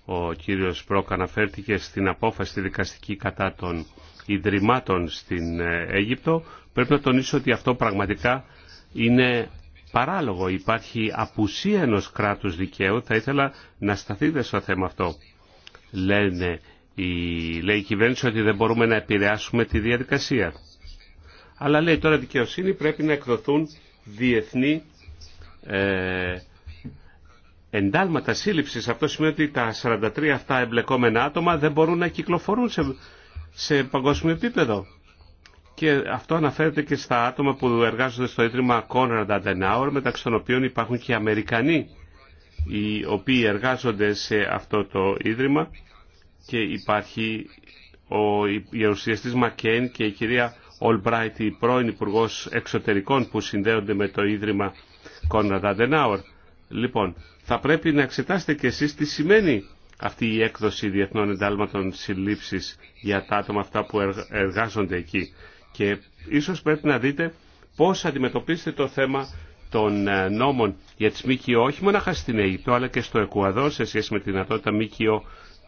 Ο κύριος Πρόκ αναφέρθηκε στην απόφαση δικαστική κατά τον ιδρυμάτων στην ε, Αίγυπτο, πρέπει να τονίσω ότι αυτό πραγματικά είναι παράλογο. Υπάρχει απουσία ενός κράτους δικαίου. Θα ήθελα να σταθείτε στο θέμα αυτό. Λένε, η, λέει η κυβέρνηση ότι δεν μπορούμε να επηρεάσουμε τη διαδικασία. Αλλά λέει τώρα δικαιοσύνη πρέπει να εκδοθούν διεθνή ε, εντάλματα σύλληψης. Αυτό σημαίνει ότι τα 43 αυτά εμπλεκόμενα άτομα δεν μπορούν να κυκλοφορούν σε σε παγκόσμιο επίπεδο. Και αυτό αναφέρεται και στα άτομα που εργάζονται στο Ίδρυμα Conrad Adenauer, μεταξύ των οποίων υπάρχουν και οι Αμερικανοί, οι οποίοι εργάζονται σε αυτό το Ίδρυμα και υπάρχει ο γερουσιαστής Μακέν και η κυρία Ολμπράιτ, η πρώην υπουργό Εξωτερικών που συνδέονται με το Ίδρυμα Conrad Adenauer. Λοιπόν, θα πρέπει να εξετάσετε και εσείς τι σημαίνει αυτή η έκδοση διεθνών εντάλματων συλλήψης για τα άτομα αυτά που εργάζονται εκεί. Και ίσως πρέπει να δείτε πώς αντιμετωπίσετε το θέμα των ε, νόμων για τις ΜΚΟ, όχι μόνο στην Αιγυπτό αλλά και στο Εκουαδό σε σχέση με τη δυνατότητα ΜΚΟ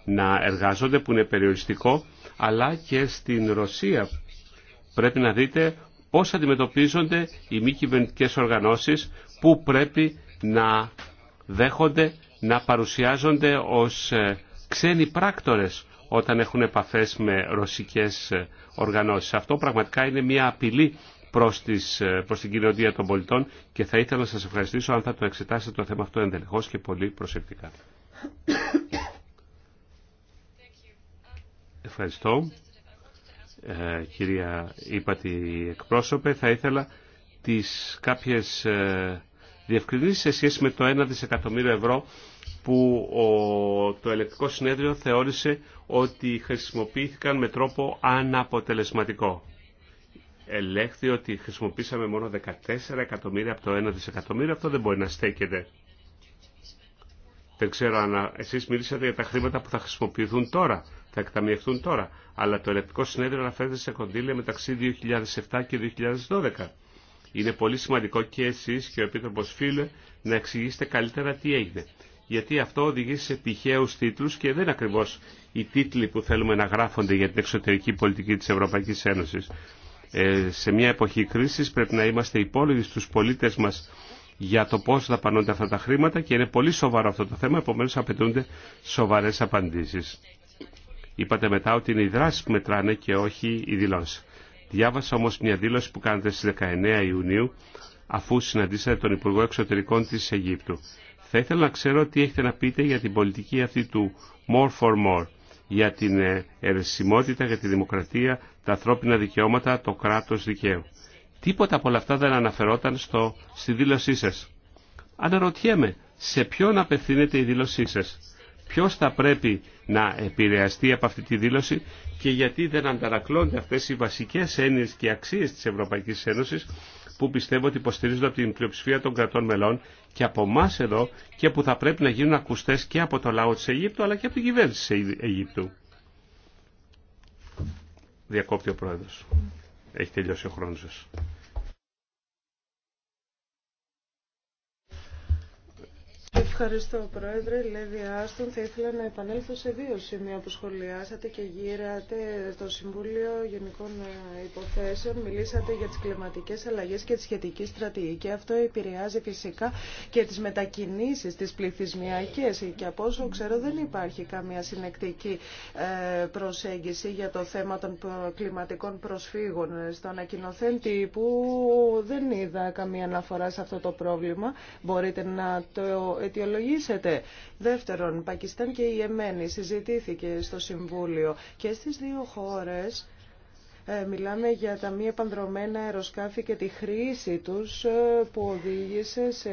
να εργάζονται που είναι περιοριστικό, αλλά και στην Ρωσία. Πρέπει να δείτε πώς αντιμετωπίζονται οι μη κυβερνητικέ οργανώσεις που πρέπει να δέχονται να παρουσιάζονται ως ε, ξένοι πράκτορες όταν έχουν επαφές με ρωσικές ε, οργανώσεις. Αυτό πραγματικά είναι μια απειλή προς, τις, ε, προς την κοινωνία των πολιτών και θα ήθελα να σας ευχαριστήσω αν θα το εξετάσετε το θέμα αυτό εντελεχώς και πολύ προσεκτικά. Ευχαριστώ. Ε, κυρία τη εκπρόσωπε, θα ήθελα τις κάποιες διευκρινήσει σε σχέση με το 1 δισεκατομμύριο ευρώ που το ελεκτικό συνέδριο θεώρησε ότι χρησιμοποιήθηκαν με τρόπο αναποτελεσματικό. Ελέγχθη ότι χρησιμοποίησαμε μόνο 14 εκατομμύρια από το 1 δισεκατομμύριο. Αυτό δεν μπορεί να στέκεται. Δεν ξέρω αν εσεί μίλησατε για τα χρήματα που θα χρησιμοποιηθούν τώρα, θα εκταμιευτούν τώρα. Αλλά το ελεκτικό συνέδριο αναφέρεται σε κονδύλια μεταξύ 2007 και 2012. Είναι πολύ σημαντικό και εσεί και ο Επίτροπος Φίλε να εξηγήσετε καλύτερα τι έγινε. Γιατί αυτό οδηγεί σε τυχαίου τίτλου και δεν είναι ακριβώς οι τίτλοι που θέλουμε να γράφονται για την εξωτερική πολιτική τη Ευρωπαϊκή Ένωση. Ε, σε μια εποχή κρίση πρέπει να είμαστε υπόλοιποι στου πολίτε μα για το πώς δαπανώνται αυτά τα χρήματα και είναι πολύ σοβαρό αυτό το θέμα, επομένω απαιτούνται σοβαρέ απαντήσει. Είπατε μετά ότι είναι οι δράσει που μετράνε και όχι οι δηλώσει. Διάβασα όμω μια δήλωση που κάνετε στι 19 Ιουνίου αφού συναντήσατε τον Υπουργό Εξωτερικών της Αιγύπτου. Θα ήθελα να ξέρω τι έχετε να πείτε για την πολιτική αυτή του More for More, για την ερεσιμότητα, για τη δημοκρατία, τα ανθρώπινα δικαιώματα, το κράτος δικαίου. Τίποτα από όλα αυτά δεν αναφερόταν στο, στη δήλωσή σας. Αναρωτιέμαι, σε ποιον απευθύνεται η δήλωσή σας ποιος θα πρέπει να επηρεαστεί από αυτή τη δήλωση και γιατί δεν αντανακλώνται αυτές οι βασικές έννοιες και αξίες της Ευρωπαϊκής Ένωσης που πιστεύω ότι υποστηρίζονται από την πλειοψηφία των κρατών μελών και από εμά εδώ και που θα πρέπει να γίνουν ακουστές και από το λαό της Αιγύπτου αλλά και από την κυβέρνηση της Αιγύπτου. Διακόπτει ο Πρόεδρος. Έχει τελειώσει ο χρόνος σας. Ευχαριστώ, Πρόεδρε. Λέβη Άστον, θα ήθελα να επανέλθω σε δύο σημεία που σχολιάσατε και γύρατε το Συμβούλιο Γενικών Υποθέσεων. Μιλήσατε για τις κλιματικές αλλαγές και τη σχετική στρατηγική. Αυτό επηρεάζει φυσικά και τις μετακινήσεις, τις πληθυσμιακές. Και από όσο ξέρω δεν υπάρχει καμία συνεκτική ε, προσέγγιση για το θέμα των κλιματικών προσφύγων. Στο ανακοινωθέν τύπου δεν είδα καμία αναφορά σε αυτό το πρόβλημα. Μπορείτε να το αιτιολογήσετε. Δεύτερον, Πακιστάν και η Εμένη συζητήθηκε στο Συμβούλιο και στις δύο χώρες ε, μιλάμε για τα μη επανδρομένα αεροσκάφη και τη χρήση τους ε, που οδήγησε σε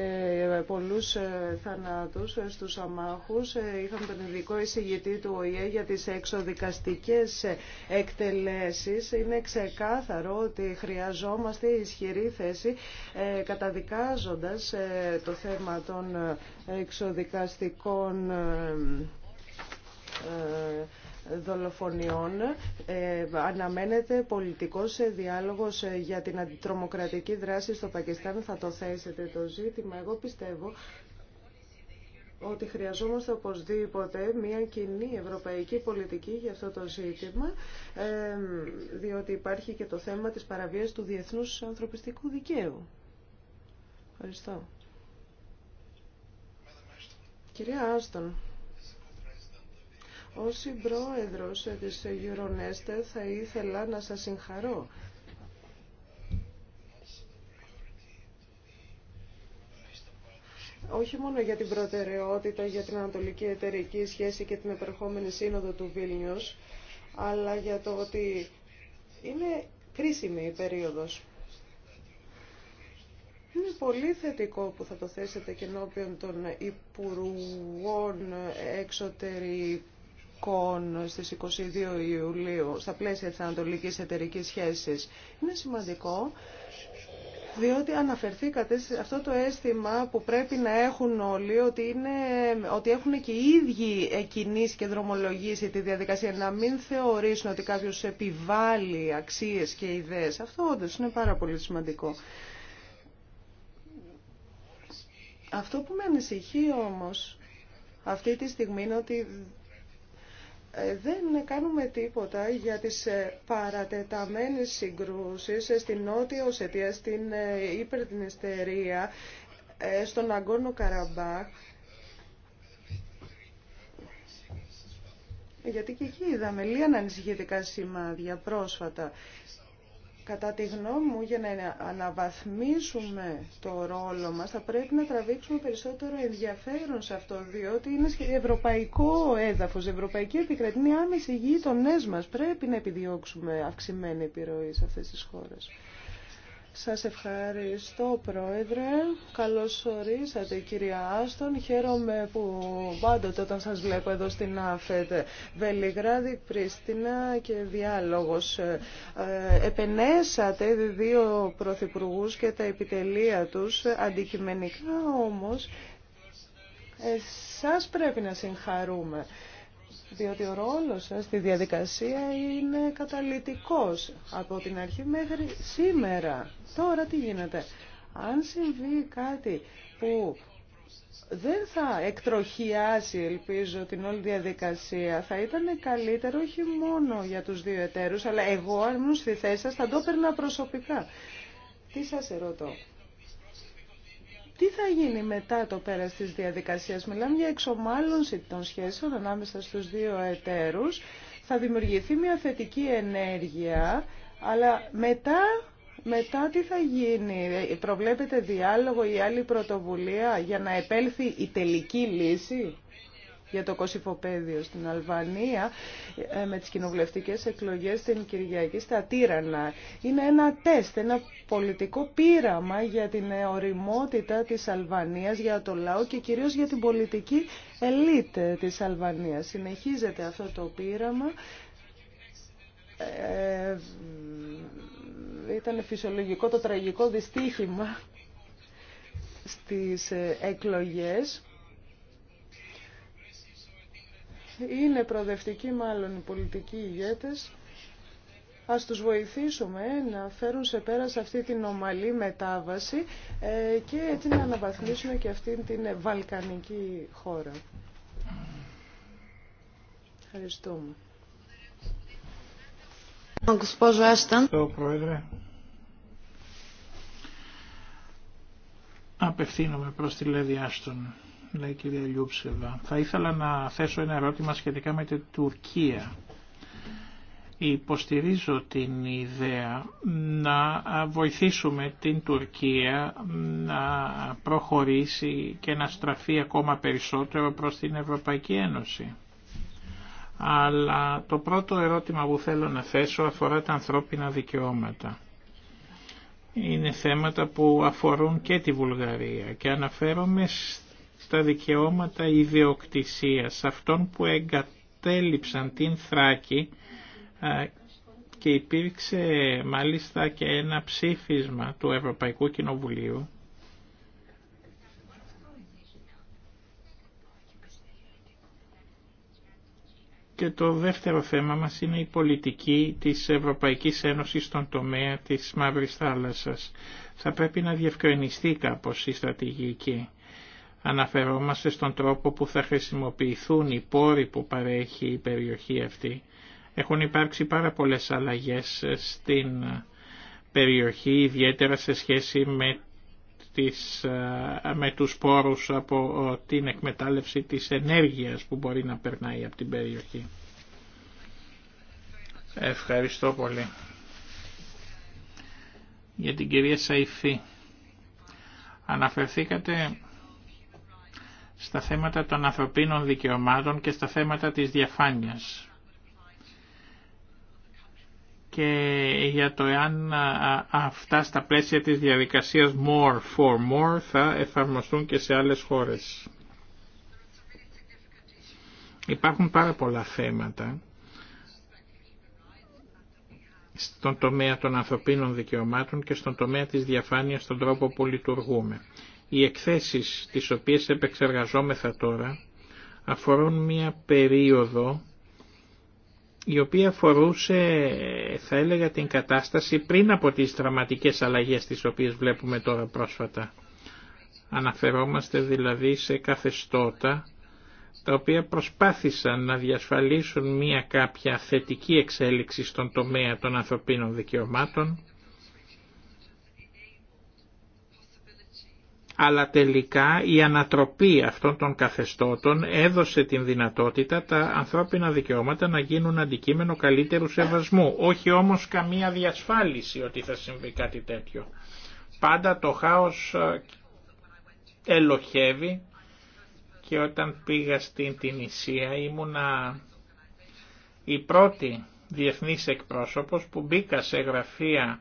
πολλούς ε, θανάτους στους αμάχους. Είχαμε τον ειδικό εισηγητή του ΟΗΕ για τις εξοδικαστικές εκτελέσεις. Είναι ξεκάθαρο ότι χρειαζόμαστε ισχυρή θέση καταδικάζοντας το θέμα των εξοδικαστικών δολοφονιών ε, αναμένεται πολιτικός διάλογος ε, για την αντιτρομοκρατική δράση στο Πακιστάν. Θα το θέσετε το ζήτημα. Εγώ πιστεύω ότι χρειαζόμαστε οπωσδήποτε μια κοινή ευρωπαϊκή πολιτική για αυτό το ζήτημα, ε, διότι υπάρχει και το θέμα της παραβίας του διεθνούς ανθρωπιστικού δικαίου. Ευχαριστώ. Κυρία Άστον. Ως συμπρόεδρο της Euronest θα ήθελα να σας συγχαρώ. όχι μόνο για την προτεραιότητα για την ανατολική εταιρική σχέση και την επερχόμενη σύνοδο του Βίλνιους, αλλά για το ότι είναι κρίσιμη η περίοδος. Είναι πολύ θετικό που θα το θέσετε και ενώπιον των Υπουργών Εξωτερικών Στι στις 22 Ιουλίου στα πλαίσια της Ανατολικής Εταιρικής Σχέσης είναι σημαντικό διότι αναφερθήκατε σε αυτό το αίσθημα που πρέπει να έχουν όλοι ότι, είναι, ότι έχουν και οι ίδιοι κινήσει και δρομολογήσει τη διαδικασία να μην θεωρήσουν ότι κάποιος επιβάλλει αξίες και ιδέες. Αυτό όντω είναι πάρα πολύ σημαντικό. Αυτό που με ανησυχεί όμως αυτή τη στιγμή είναι ότι ε, δεν κάνουμε τίποτα για τις ε, παρατεταμένες συγκρούσεις ε, στην Νότια Οσετία, στην Υπερτινιστερία, στον Αγκόνο Καραμπάχ. Γιατί και εκεί είδαμε λίγα ανησυχητικά σημάδια πρόσφατα. Κατά τη γνώμη μου, για να αναβαθμίσουμε το ρόλο μας, θα πρέπει να τραβήξουμε περισσότερο ενδιαφέρον σε αυτό, διότι είναι ευρωπαϊκό έδαφος, ευρωπαϊκή επικρατή, είναι άμεση γείτονές μας. Πρέπει να επιδιώξουμε αυξημένη επιρροή σε αυτές τις χώρες. Σας ευχαριστώ Πρόεδρε. Καλώς ορίσατε κυρία Άστον. Χαίρομαι που πάντοτε όταν σας βλέπω εδώ στην ΑΦΕΤ Βελιγράδη, Πρίστινα και Διάλογος. Ε, επενέσατε δύο πρωθυπουργούς και τα επιτελεία τους. Αντικειμενικά όμως σας πρέπει να συγχαρούμε διότι ο ρόλος σας στη διαδικασία είναι καταλυτικός από την αρχή μέχρι σήμερα. Τώρα τι γίνεται. Αν συμβεί κάτι που δεν θα εκτροχιάσει, ελπίζω, την όλη διαδικασία. Θα ήταν καλύτερο όχι μόνο για τους δύο εταίρους, αλλά εγώ αν ήμουν στη θέση σας θα το έπαιρνα προσωπικά. Τι σας ερωτώ. Τι θα γίνει μετά το πέρας της διαδικασίας. Μιλάμε για εξομάλυνση των σχέσεων ανάμεσα στους δύο εταίρους. Θα δημιουργηθεί μια θετική ενέργεια, αλλά μετά μετά τι θα γίνει, προβλέπετε διάλογο ή άλλη πρωτοβουλία για να επέλθει η τελική λύση για το Κωσυφοπαίδιο στην Αλβανία ε, με τις κοινοβουλευτικέ εκλογές στην Κυριακή στα Τύρανα. Είναι ένα τεστ, ένα πολιτικό πείραμα για την οριμότητα της Αλβανίας, για το λαό και κυρίως για την πολιτική ελίτ της Αλβανίας. Συνεχίζεται αυτό το πείραμα. Ε, ήταν φυσιολογικό το τραγικό δυστύχημα στις εκλογές είναι προοδευτικοί μάλλον οι πολιτικοί ηγέτες. Ας τους βοηθήσουμε να φέρουν σε πέρα σε αυτή την ομαλή μετάβαση ε, και έτσι να αναβαθμίσουμε και αυτή την βαλκανική χώρα. Ευχαριστούμε. Ευχαριστώ, Πρόεδρε. Απευθύνομαι προς τη Λέδη Άστον λέει η κυρία Θα ήθελα να θέσω ένα ερώτημα σχετικά με την Τουρκία. Υποστηρίζω την ιδέα να βοηθήσουμε την Τουρκία να προχωρήσει και να στραφεί ακόμα περισσότερο προς την Ευρωπαϊκή Ένωση. Αλλά το πρώτο ερώτημα που θέλω να θέσω αφορά τα ανθρώπινα δικαιώματα είναι θέματα που αφορούν και τη Βουλγαρία και αναφέρομαι στα δικαιώματα ιδιοκτησίας αυτών που εγκατέλειψαν την Θράκη και υπήρξε μάλιστα και ένα ψήφισμα του Ευρωπαϊκού Κοινοβουλίου Και το δεύτερο θέμα μας είναι η πολιτική της Ευρωπαϊκής Ένωσης στον τομέα της Μαύρης Θάλασσας. Θα πρέπει να διευκρινιστεί κάπως η στρατηγική. Αναφερόμαστε στον τρόπο που θα χρησιμοποιηθούν οι πόροι που παρέχει η περιοχή αυτή. Έχουν υπάρξει πάρα πολλές αλλαγές στην περιοχή, ιδιαίτερα σε σχέση με, τις, με τους πόρους από την εκμετάλλευση της ενέργειας που μπορεί να περνάει από την περιοχή. Ευχαριστώ πολύ. Για την κυρία Σαϊφή. Αναφερθήκατε στα θέματα των ανθρωπίνων δικαιωμάτων και στα θέματα της διαφάνειας και για το εάν αυτά στα πλαίσια της διαδικασίας more for more θα εφαρμοστούν και σε άλλες χώρες. Υπάρχουν πάρα πολλά θέματα στον τομέα των ανθρωπίνων δικαιωμάτων και στον τομέα της διαφάνειας στον τρόπο που λειτουργούμε. Οι εκθέσεις τις οποίες επεξεργαζόμεθα τώρα αφορούν μία περίοδο η οποία αφορούσε θα έλεγα την κατάσταση πριν από τις δραματικές αλλαγές τις οποίες βλέπουμε τώρα πρόσφατα. Αναφερόμαστε δηλαδή σε καθεστώτα τα οποία προσπάθησαν να διασφαλίσουν μία κάποια θετική εξέλιξη στον τομέα των ανθρωπίνων δικαιωμάτων αλλά τελικά η ανατροπή αυτών των καθεστώτων έδωσε την δυνατότητα τα ανθρώπινα δικαιώματα να γίνουν αντικείμενο καλύτερου σεβασμού, όχι όμως καμία διασφάλιση ότι θα συμβεί κάτι τέτοιο. Πάντα το χάος ε, ελοχεύει και όταν πήγα στην Ισία ήμουνα η πρώτη διεθνής εκπρόσωπος που μπήκα σε γραφεία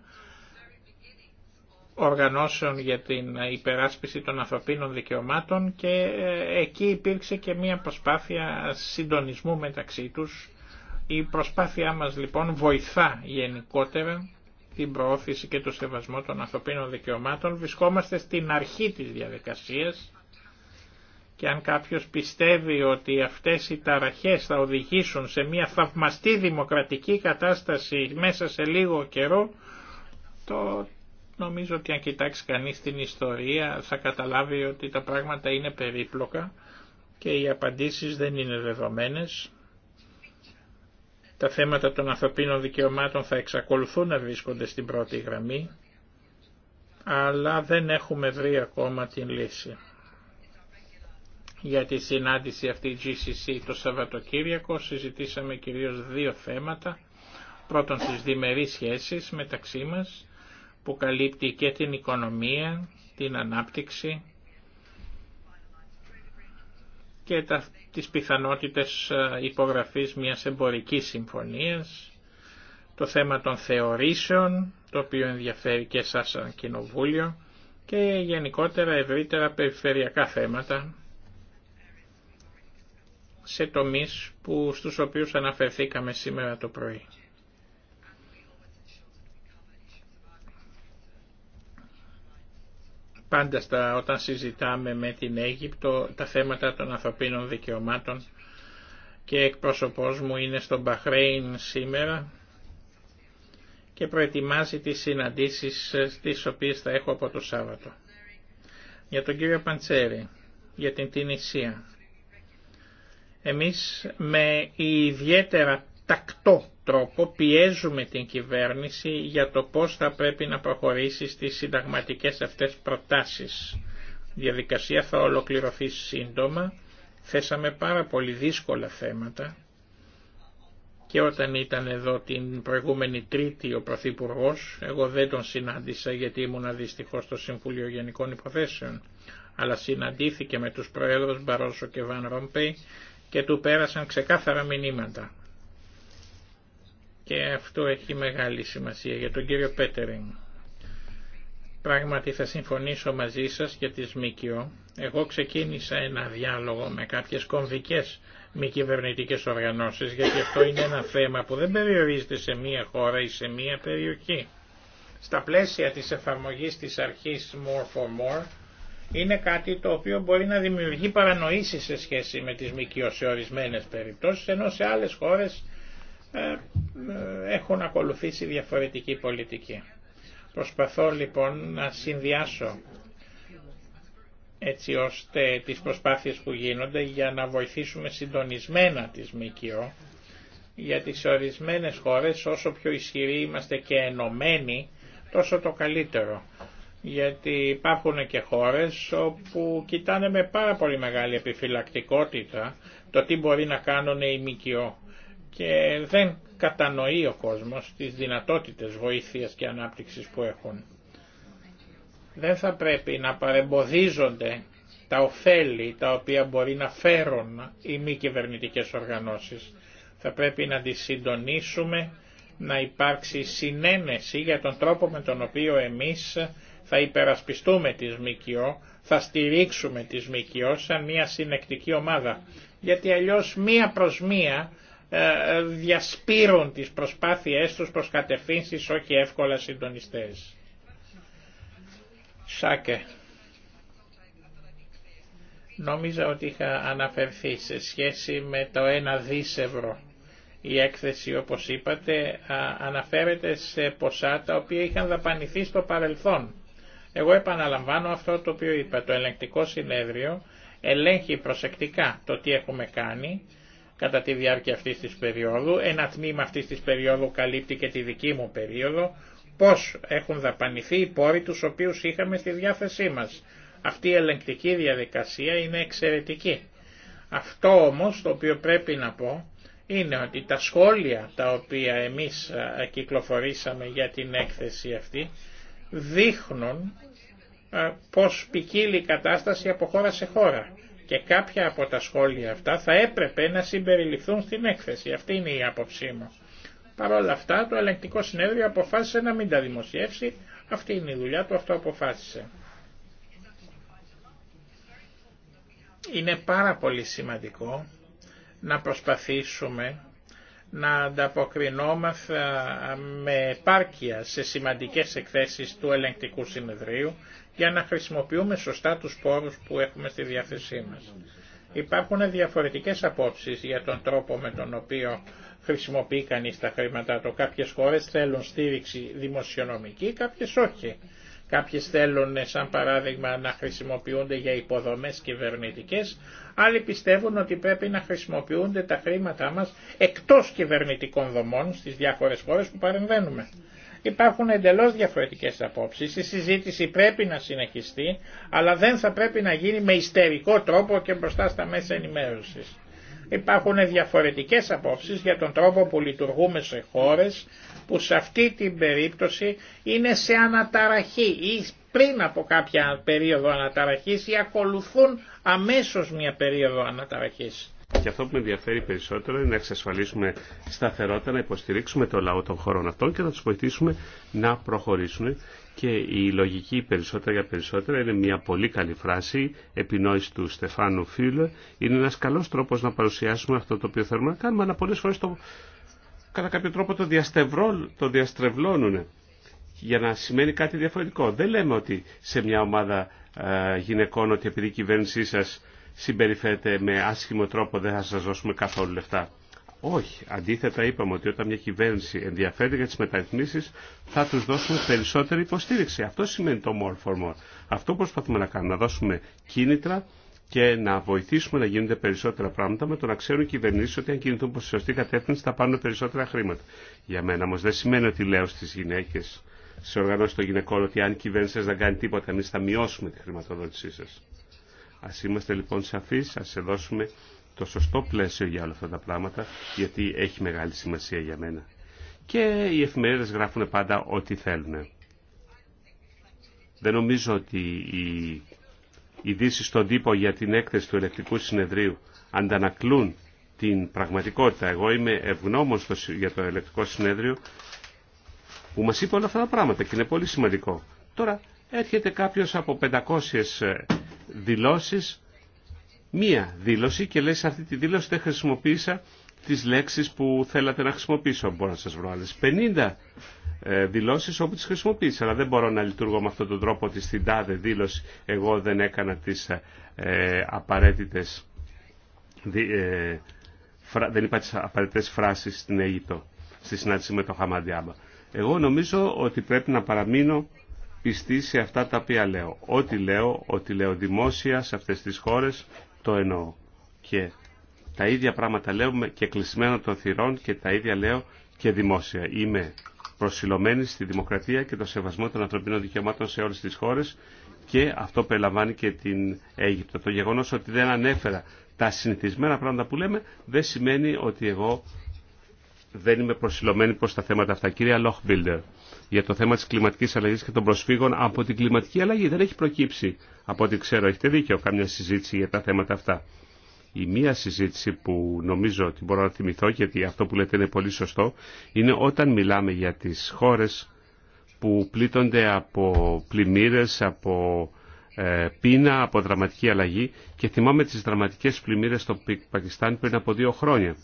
οργανώσεων για την υπεράσπιση των ανθρωπίνων δικαιωμάτων και ε, εκεί υπήρξε και μια προσπάθεια συντονισμού μεταξύ τους. Η προσπάθειά μας λοιπόν βοηθά γενικότερα την προώθηση και το σεβασμό των ανθρωπίνων δικαιωμάτων. Βρισκόμαστε στην αρχή της διαδικασίας και αν κάποιος πιστεύει ότι αυτές οι ταραχές θα οδηγήσουν σε μια θαυμαστή δημοκρατική κατάσταση μέσα σε λίγο καιρό, το Νομίζω ότι αν κοιτάξει κανείς την ιστορία θα καταλάβει ότι τα πράγματα είναι περίπλοκα και οι απαντήσεις δεν είναι δεδομένες. Τα θέματα των ανθρωπίνων δικαιωμάτων θα εξακολουθούν να βρίσκονται στην πρώτη γραμμή, αλλά δεν έχουμε βρει ακόμα την λύση. Για τη συνάντηση αυτή GCC το Σαββατοκύριακο συζητήσαμε κυρίως δύο θέματα. Πρώτον στις διμερείς σχέσεις μεταξύ μας που καλύπτει και την οικονομία, την ανάπτυξη και τα, τις πιθανότητες ε, υπογραφής μιας εμπορικής συμφωνίας, το θέμα των θεωρήσεων, το οποίο ενδιαφέρει και εσάς σαν κοινοβούλιο, και γενικότερα ευρύτερα περιφερειακά θέματα σε τομείς που, στους οποίους αναφερθήκαμε σήμερα το πρωί. Πάντα στα, όταν συζητάμε με την Αίγυπτο τα θέματα των ανθρωπίνων δικαιωμάτων και εκπρόσωπός μου είναι στον Μπαχρέιν σήμερα και προετοιμάζει τις συναντήσεις τις οποίες θα έχω από το Σάββατο. Για τον κύριο Παντσέρη, για την Τινησία. Εμείς με ιδιαίτερα τακτό τρόπο πιέζουμε την κυβέρνηση για το πώς θα πρέπει να προχωρήσει στις συνταγματικές αυτές προτάσεις. Η διαδικασία θα ολοκληρωθεί σύντομα. Θέσαμε πάρα πολύ δύσκολα θέματα και όταν ήταν εδώ την προηγούμενη Τρίτη ο Πρωθυπουργό, εγώ δεν τον συνάντησα γιατί ήμουν δυστυχώ στο Συμβούλιο Γενικών Υποθέσεων, αλλά συναντήθηκε με τους Προέδρους Μπαρόσο και Βαν Ρομπέι και του πέρασαν ξεκάθαρα μηνύματα και αυτό έχει μεγάλη σημασία για τον κύριο Πέτερινγκ. Πράγματι θα συμφωνήσω μαζί σας για τις ΜΚΟ. Εγώ ξεκίνησα ένα διάλογο με κάποιες κομβικές μη κυβερνητικέ οργανώσεις γιατί αυτό είναι ένα θέμα που δεν περιορίζεται σε μία χώρα ή σε μία περιοχή. Στα πλαίσια της εφαρμογής της αρχής More for More είναι κάτι το οποίο μπορεί να δημιουργεί παρανοήσεις σε σχέση με τις ΜΚΟ σε ορισμένες περιπτώσεις ενώ σε άλλες χώρες ε, ε, έχουν ακολουθήσει διαφορετική πολιτική. Προσπαθώ λοιπόν να συνδυάσω έτσι ώστε τις προσπάθειες που γίνονται για να βοηθήσουμε συντονισμένα τις ΜΚΟ για τις ορισμένες χώρες όσο πιο ισχυροί είμαστε και ενωμένοι τόσο το καλύτερο γιατί υπάρχουν και χώρες όπου κοιτάνε με πάρα πολύ μεγάλη επιφυλακτικότητα το τι μπορεί να κάνουν οι ΜΚΟ και δεν κατανοεί ο κόσμος τις δυνατότητες βοήθειας και ανάπτυξης που έχουν. Δεν θα πρέπει να παρεμποδίζονται τα ωφέλη τα οποία μπορεί να φέρουν οι μη κυβερνητικέ οργανώσεις. Θα πρέπει να τις συντονίσουμε, να υπάρξει συνένεση για τον τρόπο με τον οποίο εμείς θα υπερασπιστούμε τις ΜΚΟ, θα στηρίξουμε τη ΜΚΟ σαν μια συνεκτική ομάδα. Γιατί αλλιώς μία προς μία ε, ε, διασπείρουν τις προσπάθειές τους προς κατευθύνσεις όχι εύκολα συντονιστές. Σάκε. Νόμιζα ότι είχα αναφερθεί σε σχέση με το ένα δισευρο. Η έκθεση όπως είπατε αναφέρεται σε ποσά τα οποία είχαν δαπανηθεί στο παρελθόν. Εγώ επαναλαμβάνω αυτό το οποίο είπα. Το ελεγκτικό συνέδριο ελέγχει προσεκτικά το τι έχουμε κάνει κατά τη διάρκεια αυτής της περίοδου. Ένα τμήμα αυτής της περίοδου καλύπτει και τη δική μου περίοδο. Πώς έχουν δαπανηθεί οι πόροι τους οποίους είχαμε στη διάθεσή μας. Αυτή η ελεγκτική διαδικασία είναι εξαιρετική. Αυτό όμως το οποίο πρέπει να πω είναι ότι τα σχόλια τα οποία εμείς κυκλοφορήσαμε για την έκθεση αυτή δείχνουν πως ποικίλει η κατάσταση από χώρα σε χώρα και κάποια από τα σχόλια αυτά θα έπρεπε να συμπεριληφθούν στην έκθεση. Αυτή είναι η άποψή μου. Παρ' όλα αυτά το ελεγκτικό συνέδριο αποφάσισε να μην τα δημοσιεύσει. Αυτή είναι η δουλειά του, αυτό αποφάσισε. Είναι πάρα πολύ σημαντικό να προσπαθήσουμε να ανταποκρινόμαστε με επάρκεια σε σημαντικές εκθέσεις του ελεγκτικού συνεδρίου για να χρησιμοποιούμε σωστά τους πόρους που έχουμε στη διάθεσή μας. Υπάρχουν διαφορετικές απόψεις για τον τρόπο με τον οποίο χρησιμοποιεί κανείς τα χρήματά του. Κάποιες χώρες θέλουν στήριξη δημοσιονομική, κάποιες όχι. Κάποιες θέλουν σαν παράδειγμα να χρησιμοποιούνται για υποδομές κυβερνητικές, άλλοι πιστεύουν ότι πρέπει να χρησιμοποιούνται τα χρήματά μας εκτός κυβερνητικών δομών στις διάφορες χώρες που παρεμβαίνουμε. Υπάρχουν εντελώς διαφορετικές απόψεις, η συζήτηση πρέπει να συνεχιστεί, αλλά δεν θα πρέπει να γίνει με ιστερικό τρόπο και μπροστά στα μέσα ενημέρωσης. Υπάρχουν διαφορετικές απόψεις για τον τρόπο που λειτουργούμε σε χώρες που σε αυτή την περίπτωση είναι σε αναταραχή ή πριν από κάποια περίοδο αναταραχής ή ακολουθούν αμέσως μια περίοδο αναταραχής. Και αυτό που με ενδιαφέρει περισσότερο είναι να εξασφαλίσουμε σταθερότητα, να υποστηρίξουμε το λαό των χωρών αυτών και να τους βοηθήσουμε να προχωρήσουν. Και η λογική περισσότερα για περισσότερα είναι μια πολύ καλή φράση, επινόηση του Στεφάνου Φίλε. Είναι ένας καλός τρόπος να παρουσιάσουμε αυτό το οποίο θέλουμε να κάνουμε, αλλά πολλές φορές το, κατά κάποιο τρόπο το, το διαστρεβλώνουν για να σημαίνει κάτι διαφορετικό. Δεν λέμε ότι σε μια ομάδα ε, γυναικών ότι επειδή η κυβέρνησή σας συμπεριφέρετε με άσχημο τρόπο, δεν θα σας δώσουμε καθόλου λεφτά. Όχι. Αντίθετα είπαμε ότι όταν μια κυβέρνηση ενδιαφέρεται για τις μεταρρυθμίσεις θα τους δώσουμε περισσότερη υποστήριξη. Αυτό σημαίνει το more for more. Αυτό προσπαθούμε να κάνουμε, να δώσουμε κίνητρα και να βοηθήσουμε να γίνονται περισσότερα πράγματα με το να ξέρουν οι κυβερνήσει ότι αν κινηθούν προ τη σωστή κατεύθυνση θα πάρουν περισσότερα χρήματα. Για μένα όμω δεν σημαίνει ότι λέω στι γυναίκε, σε οργανώσει των γυναικών, ότι αν η κυβέρνηση δεν κάνει τίποτα, εμεί θα μειώσουμε τη χρηματοδότησή σα. Ας είμαστε λοιπόν σαφείς, ας σε δώσουμε το σωστό πλαίσιο για όλα αυτά τα πράγματα, γιατί έχει μεγάλη σημασία για μένα. Και οι εφημερίδες γράφουν πάντα ό,τι θέλουν. Δεν νομίζω ότι οι ειδήσει στον τύπο για την έκθεση του ελεκτικού συνεδρίου αντανακλούν την πραγματικότητα. Εγώ είμαι ευγνώμων για το ελεκτικό συνέδριο που μας είπε όλα αυτά τα πράγματα και είναι πολύ σημαντικό. Τώρα έρχεται κάποιος από 500 δηλώσεις μία δήλωση και λέει αυτή τη δήλωση δεν χρησιμοποίησα τις λέξεις που θέλατε να χρησιμοποιήσω. Μπορώ να σας βρω άλλες 50 ε, δηλώσεις όπου τις χρησιμοποίησα. Αλλά δεν μπορώ να λειτουργώ με αυτόν τον τρόπο ότι στην τάδε δήλωση εγώ δεν έκανα τις ε, απαραίτητες ε, δεν είπα τις απαραίτητες φράσεις στην Αίγυπτο στη συνάντηση με τον Χαμαντιάμπα. Εγώ νομίζω ότι πρέπει να παραμείνω πιστή σε αυτά τα οποία λέω. Ό,τι λέω, ό,τι λέω δημόσια σε αυτές τις χώρες, το εννοώ. Και τα ίδια πράγματα λέω και κλεισμένα των θυρών και τα ίδια λέω και δημόσια. Είμαι προσιλωμένη στη δημοκρατία και το σεβασμό των ανθρωπίνων δικαιωμάτων σε όλες τις χώρες και αυτό περιλαμβάνει και την Αίγυπτο. Το γεγονός ότι δεν ανέφερα τα συνηθισμένα πράγματα που λέμε δεν σημαίνει ότι εγώ δεν είμαι προσιλωμένη προς τα θέματα αυτά. Κυρία Λόχμπιλντερ για το θέμα της κλιματικής αλλαγής και των προσφύγων από την κλιματική αλλαγή. Δεν έχει προκύψει, από ό,τι ξέρω, έχετε δίκιο, καμιά συζήτηση για τα θέματα αυτά. Η μία συζήτηση που νομίζω ότι μπορώ να θυμηθώ, γιατί αυτό που λέτε είναι πολύ σωστό, είναι όταν μιλάμε για τις χώρες που πλήττονται από πλημμύρες, από ε, πείνα, από δραματική αλλαγή και θυμάμαι τις δραματικές πλημμύρες στο Πακιστάν πριν από δύο χρόνια.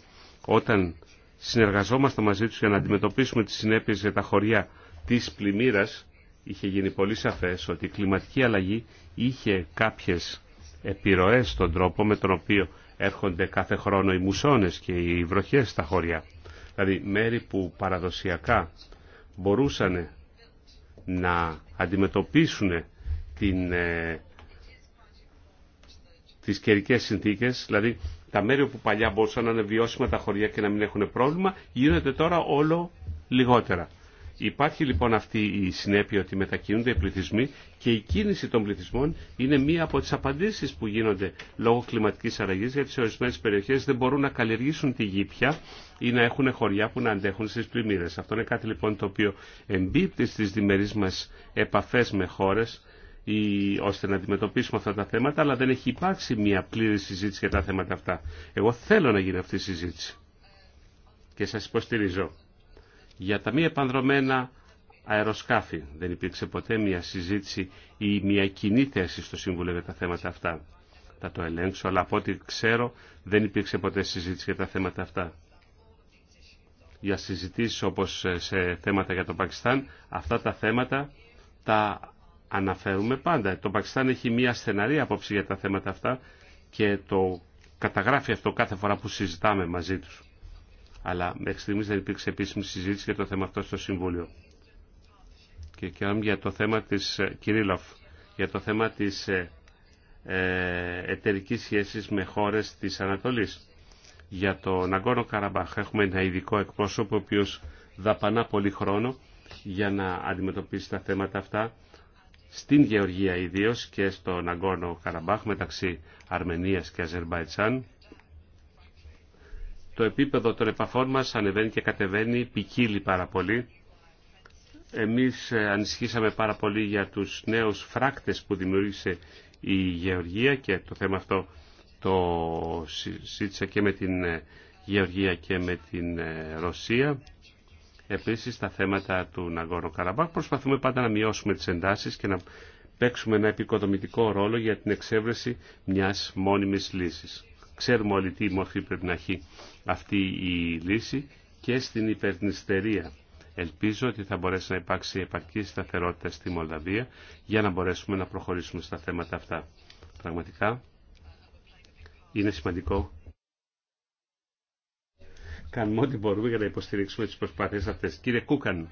Όταν συνεργαζόμαστε μαζί τους για να αντιμετωπίσουμε τις συνέπειες για τα χωριά της πλημμύρας είχε γίνει πολύ σαφές ότι η κλιματική αλλαγή είχε κάποιες επιρροές στον τρόπο με τον οποίο έρχονται κάθε χρόνο οι μουσώνες και οι βροχές στα χωριά. Δηλαδή μέρη που παραδοσιακά μπορούσαν να αντιμετωπίσουν την, ε, τις καιρικέ συνθήκες, δηλαδή τα μέρη που παλιά μπορούσαν να είναι βιώσιμα τα χωριά και να μην έχουν πρόβλημα, γίνονται τώρα όλο λιγότερα. Υπάρχει λοιπόν αυτή η συνέπεια ότι μετακινούνται οι πληθυσμοί και η κίνηση των πληθυσμών είναι μία από τις απαντήσεις που γίνονται λόγω κλιματικής αλλαγής γιατί σε ορισμένες περιοχές δεν μπορούν να καλλιεργήσουν τη γη πια ή να έχουν χωριά που να αντέχουν στις πλημμύρες. Αυτό είναι κάτι λοιπόν το οποίο εμπίπτει στις διμερείς μας επαφές με χώρες ώστε να αντιμετωπίσουμε αυτά τα θέματα, αλλά δεν έχει υπάρξει μια πλήρη συζήτηση για τα θέματα αυτά. Εγώ θέλω να γίνει αυτή η συζήτηση. Και σας υποστηρίζω. Για τα μη επανδρομένα αεροσκάφη δεν υπήρξε ποτέ μια συζήτηση ή μια κοινή θέση στο Σύμβουλο για τα θέματα αυτά. Θα το ελέγξω, αλλά από ό,τι ξέρω δεν υπήρξε ποτέ συζήτηση για τα θέματα αυτά. Για συζητήσεις όπως ε, σε θέματα για το Πακιστάν, αυτά τα θέματα τα αναφέρουμε πάντα. Το Πακιστάν έχει μια στεναρή άποψη για τα θέματα αυτά και το καταγράφει αυτό κάθε φορά που συζητάμε μαζί τους αλλά μέχρι στιγμή δεν υπήρξε επίσημη συζήτηση για το θέμα αυτό στο Συμβούλιο. Και, για το θέμα της ε, Κυρίλοφ, για το θέμα της ε, ε, εταιρικής σχέσης με χώρες της Ανατολής. Για το Ναγκόνο Καραμπάχ έχουμε ένα ειδικό εκπρόσωπο ο οποίος δαπανά πολύ χρόνο για να αντιμετωπίσει τα θέματα αυτά στην Γεωργία ιδίω και στο Ναγκόνο Καραμπάχ μεταξύ Αρμενίας και Αζερμπαϊτσάν το επίπεδο των επαφών μας ανεβαίνει και κατεβαίνει, ποικίλει πάρα πολύ. Εμείς ε, ανησυχήσαμε πάρα πολύ για τους νέους φράκτες που δημιούργησε η Γεωργία και το θέμα αυτό το σύντησα και με την ε, Γεωργία και με την ε, Ρωσία. Επίσης τα θέματα του Ναγκόρο Καραμπάχ προσπαθούμε πάντα να μειώσουμε τις εντάσεις και να παίξουμε ένα επικοδομητικό ρόλο για την εξέβρεση μιας μόνιμης λύσης. Ξέρουμε όλοι τι μορφή πρέπει να έχει αυτή η λύση και στην υπερνηστερία. Ελπίζω ότι θα μπορέσει να υπάρξει επαρκή σταθερότητα στη Μολδαβία για να μπορέσουμε να προχωρήσουμε στα θέματα αυτά. Πραγματικά είναι σημαντικό. Κάνουμε ό,τι μπορούμε για να υποστηρίξουμε τις προσπάθειες αυτές. Κύριε Κούκαν,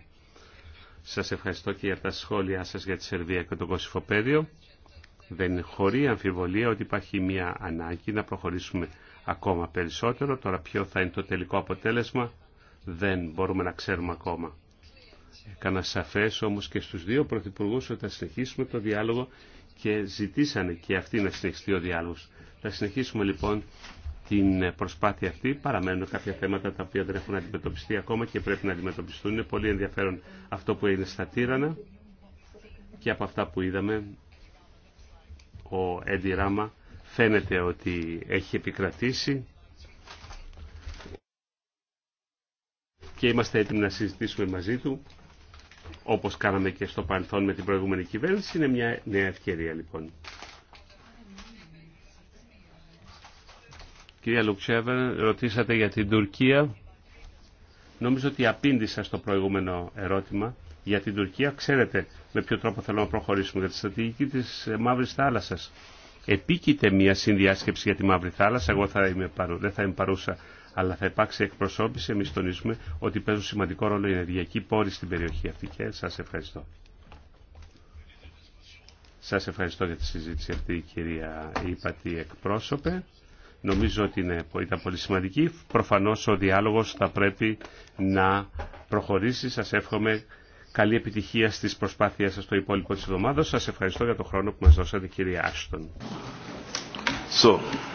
σας ευχαριστώ και για τα σχόλιά σας για τη Σερβία και το Κωσυφοπέδιο. Δεν χωρεί αμφιβολία ότι υπάρχει μια ανάγκη να προχωρήσουμε ακόμα περισσότερο. Τώρα ποιο θα είναι το τελικό αποτέλεσμα δεν μπορούμε να ξέρουμε ακόμα. Έκανα σαφές όμως και στους δύο πρωθυπουργού ότι θα συνεχίσουμε το διάλογο και ζητήσανε και αυτοί να συνεχιστεί ο διάλογος. Θα συνεχίσουμε λοιπόν την προσπάθεια αυτή. Παραμένουν κάποια θέματα τα οποία δεν έχουν αντιμετωπιστεί ακόμα και πρέπει να αντιμετωπιστούν. Είναι πολύ ενδιαφέρον αυτό που είναι στα Τύρανα και από αυτά που είδαμε ο Έντι Ράμα φαίνεται ότι έχει επικρατήσει και είμαστε έτοιμοι να συζητήσουμε μαζί του όπως κάναμε και στο παρελθόν με την προηγούμενη κυβέρνηση είναι μια νέα ευκαιρία λοιπόν. Κυρία Λουξέβερ, ρωτήσατε για την Τουρκία. Νομίζω ότι απήντησα στο προηγούμενο ερώτημα για την Τουρκία. Ξέρετε με ποιο τρόπο θέλω να προχωρήσουμε. Για τη στρατηγική της ε, Μαύρης Θάλασσας επίκειται μια συνδιάσκεψη για τη Μαύρη Θάλασσα. Εγώ θα είμαι παρού, δεν θα είμαι παρούσα, αλλά θα υπάρξει εκπροσώπηση. Εμεί τονίζουμε ότι παίζουν σημαντικό ρόλο οι ενεργειακοί πόροι στην περιοχή αυτή και σα ευχαριστώ. Σα ευχαριστώ για τη συζήτηση αυτή, κυρία Ήπατη εκπρόσωπε. Νομίζω ότι είναι, ήταν πολύ σημαντική. Προφανώς ο διάλογος θα πρέπει να προχωρήσει. Σας εύχομαι Καλή επιτυχία στις προσπάθειές σας το υπόλοιπο της εβδομάδας. Σα ευχαριστώ για τον χρόνο που μας δώσατε κυρία Άστον. So.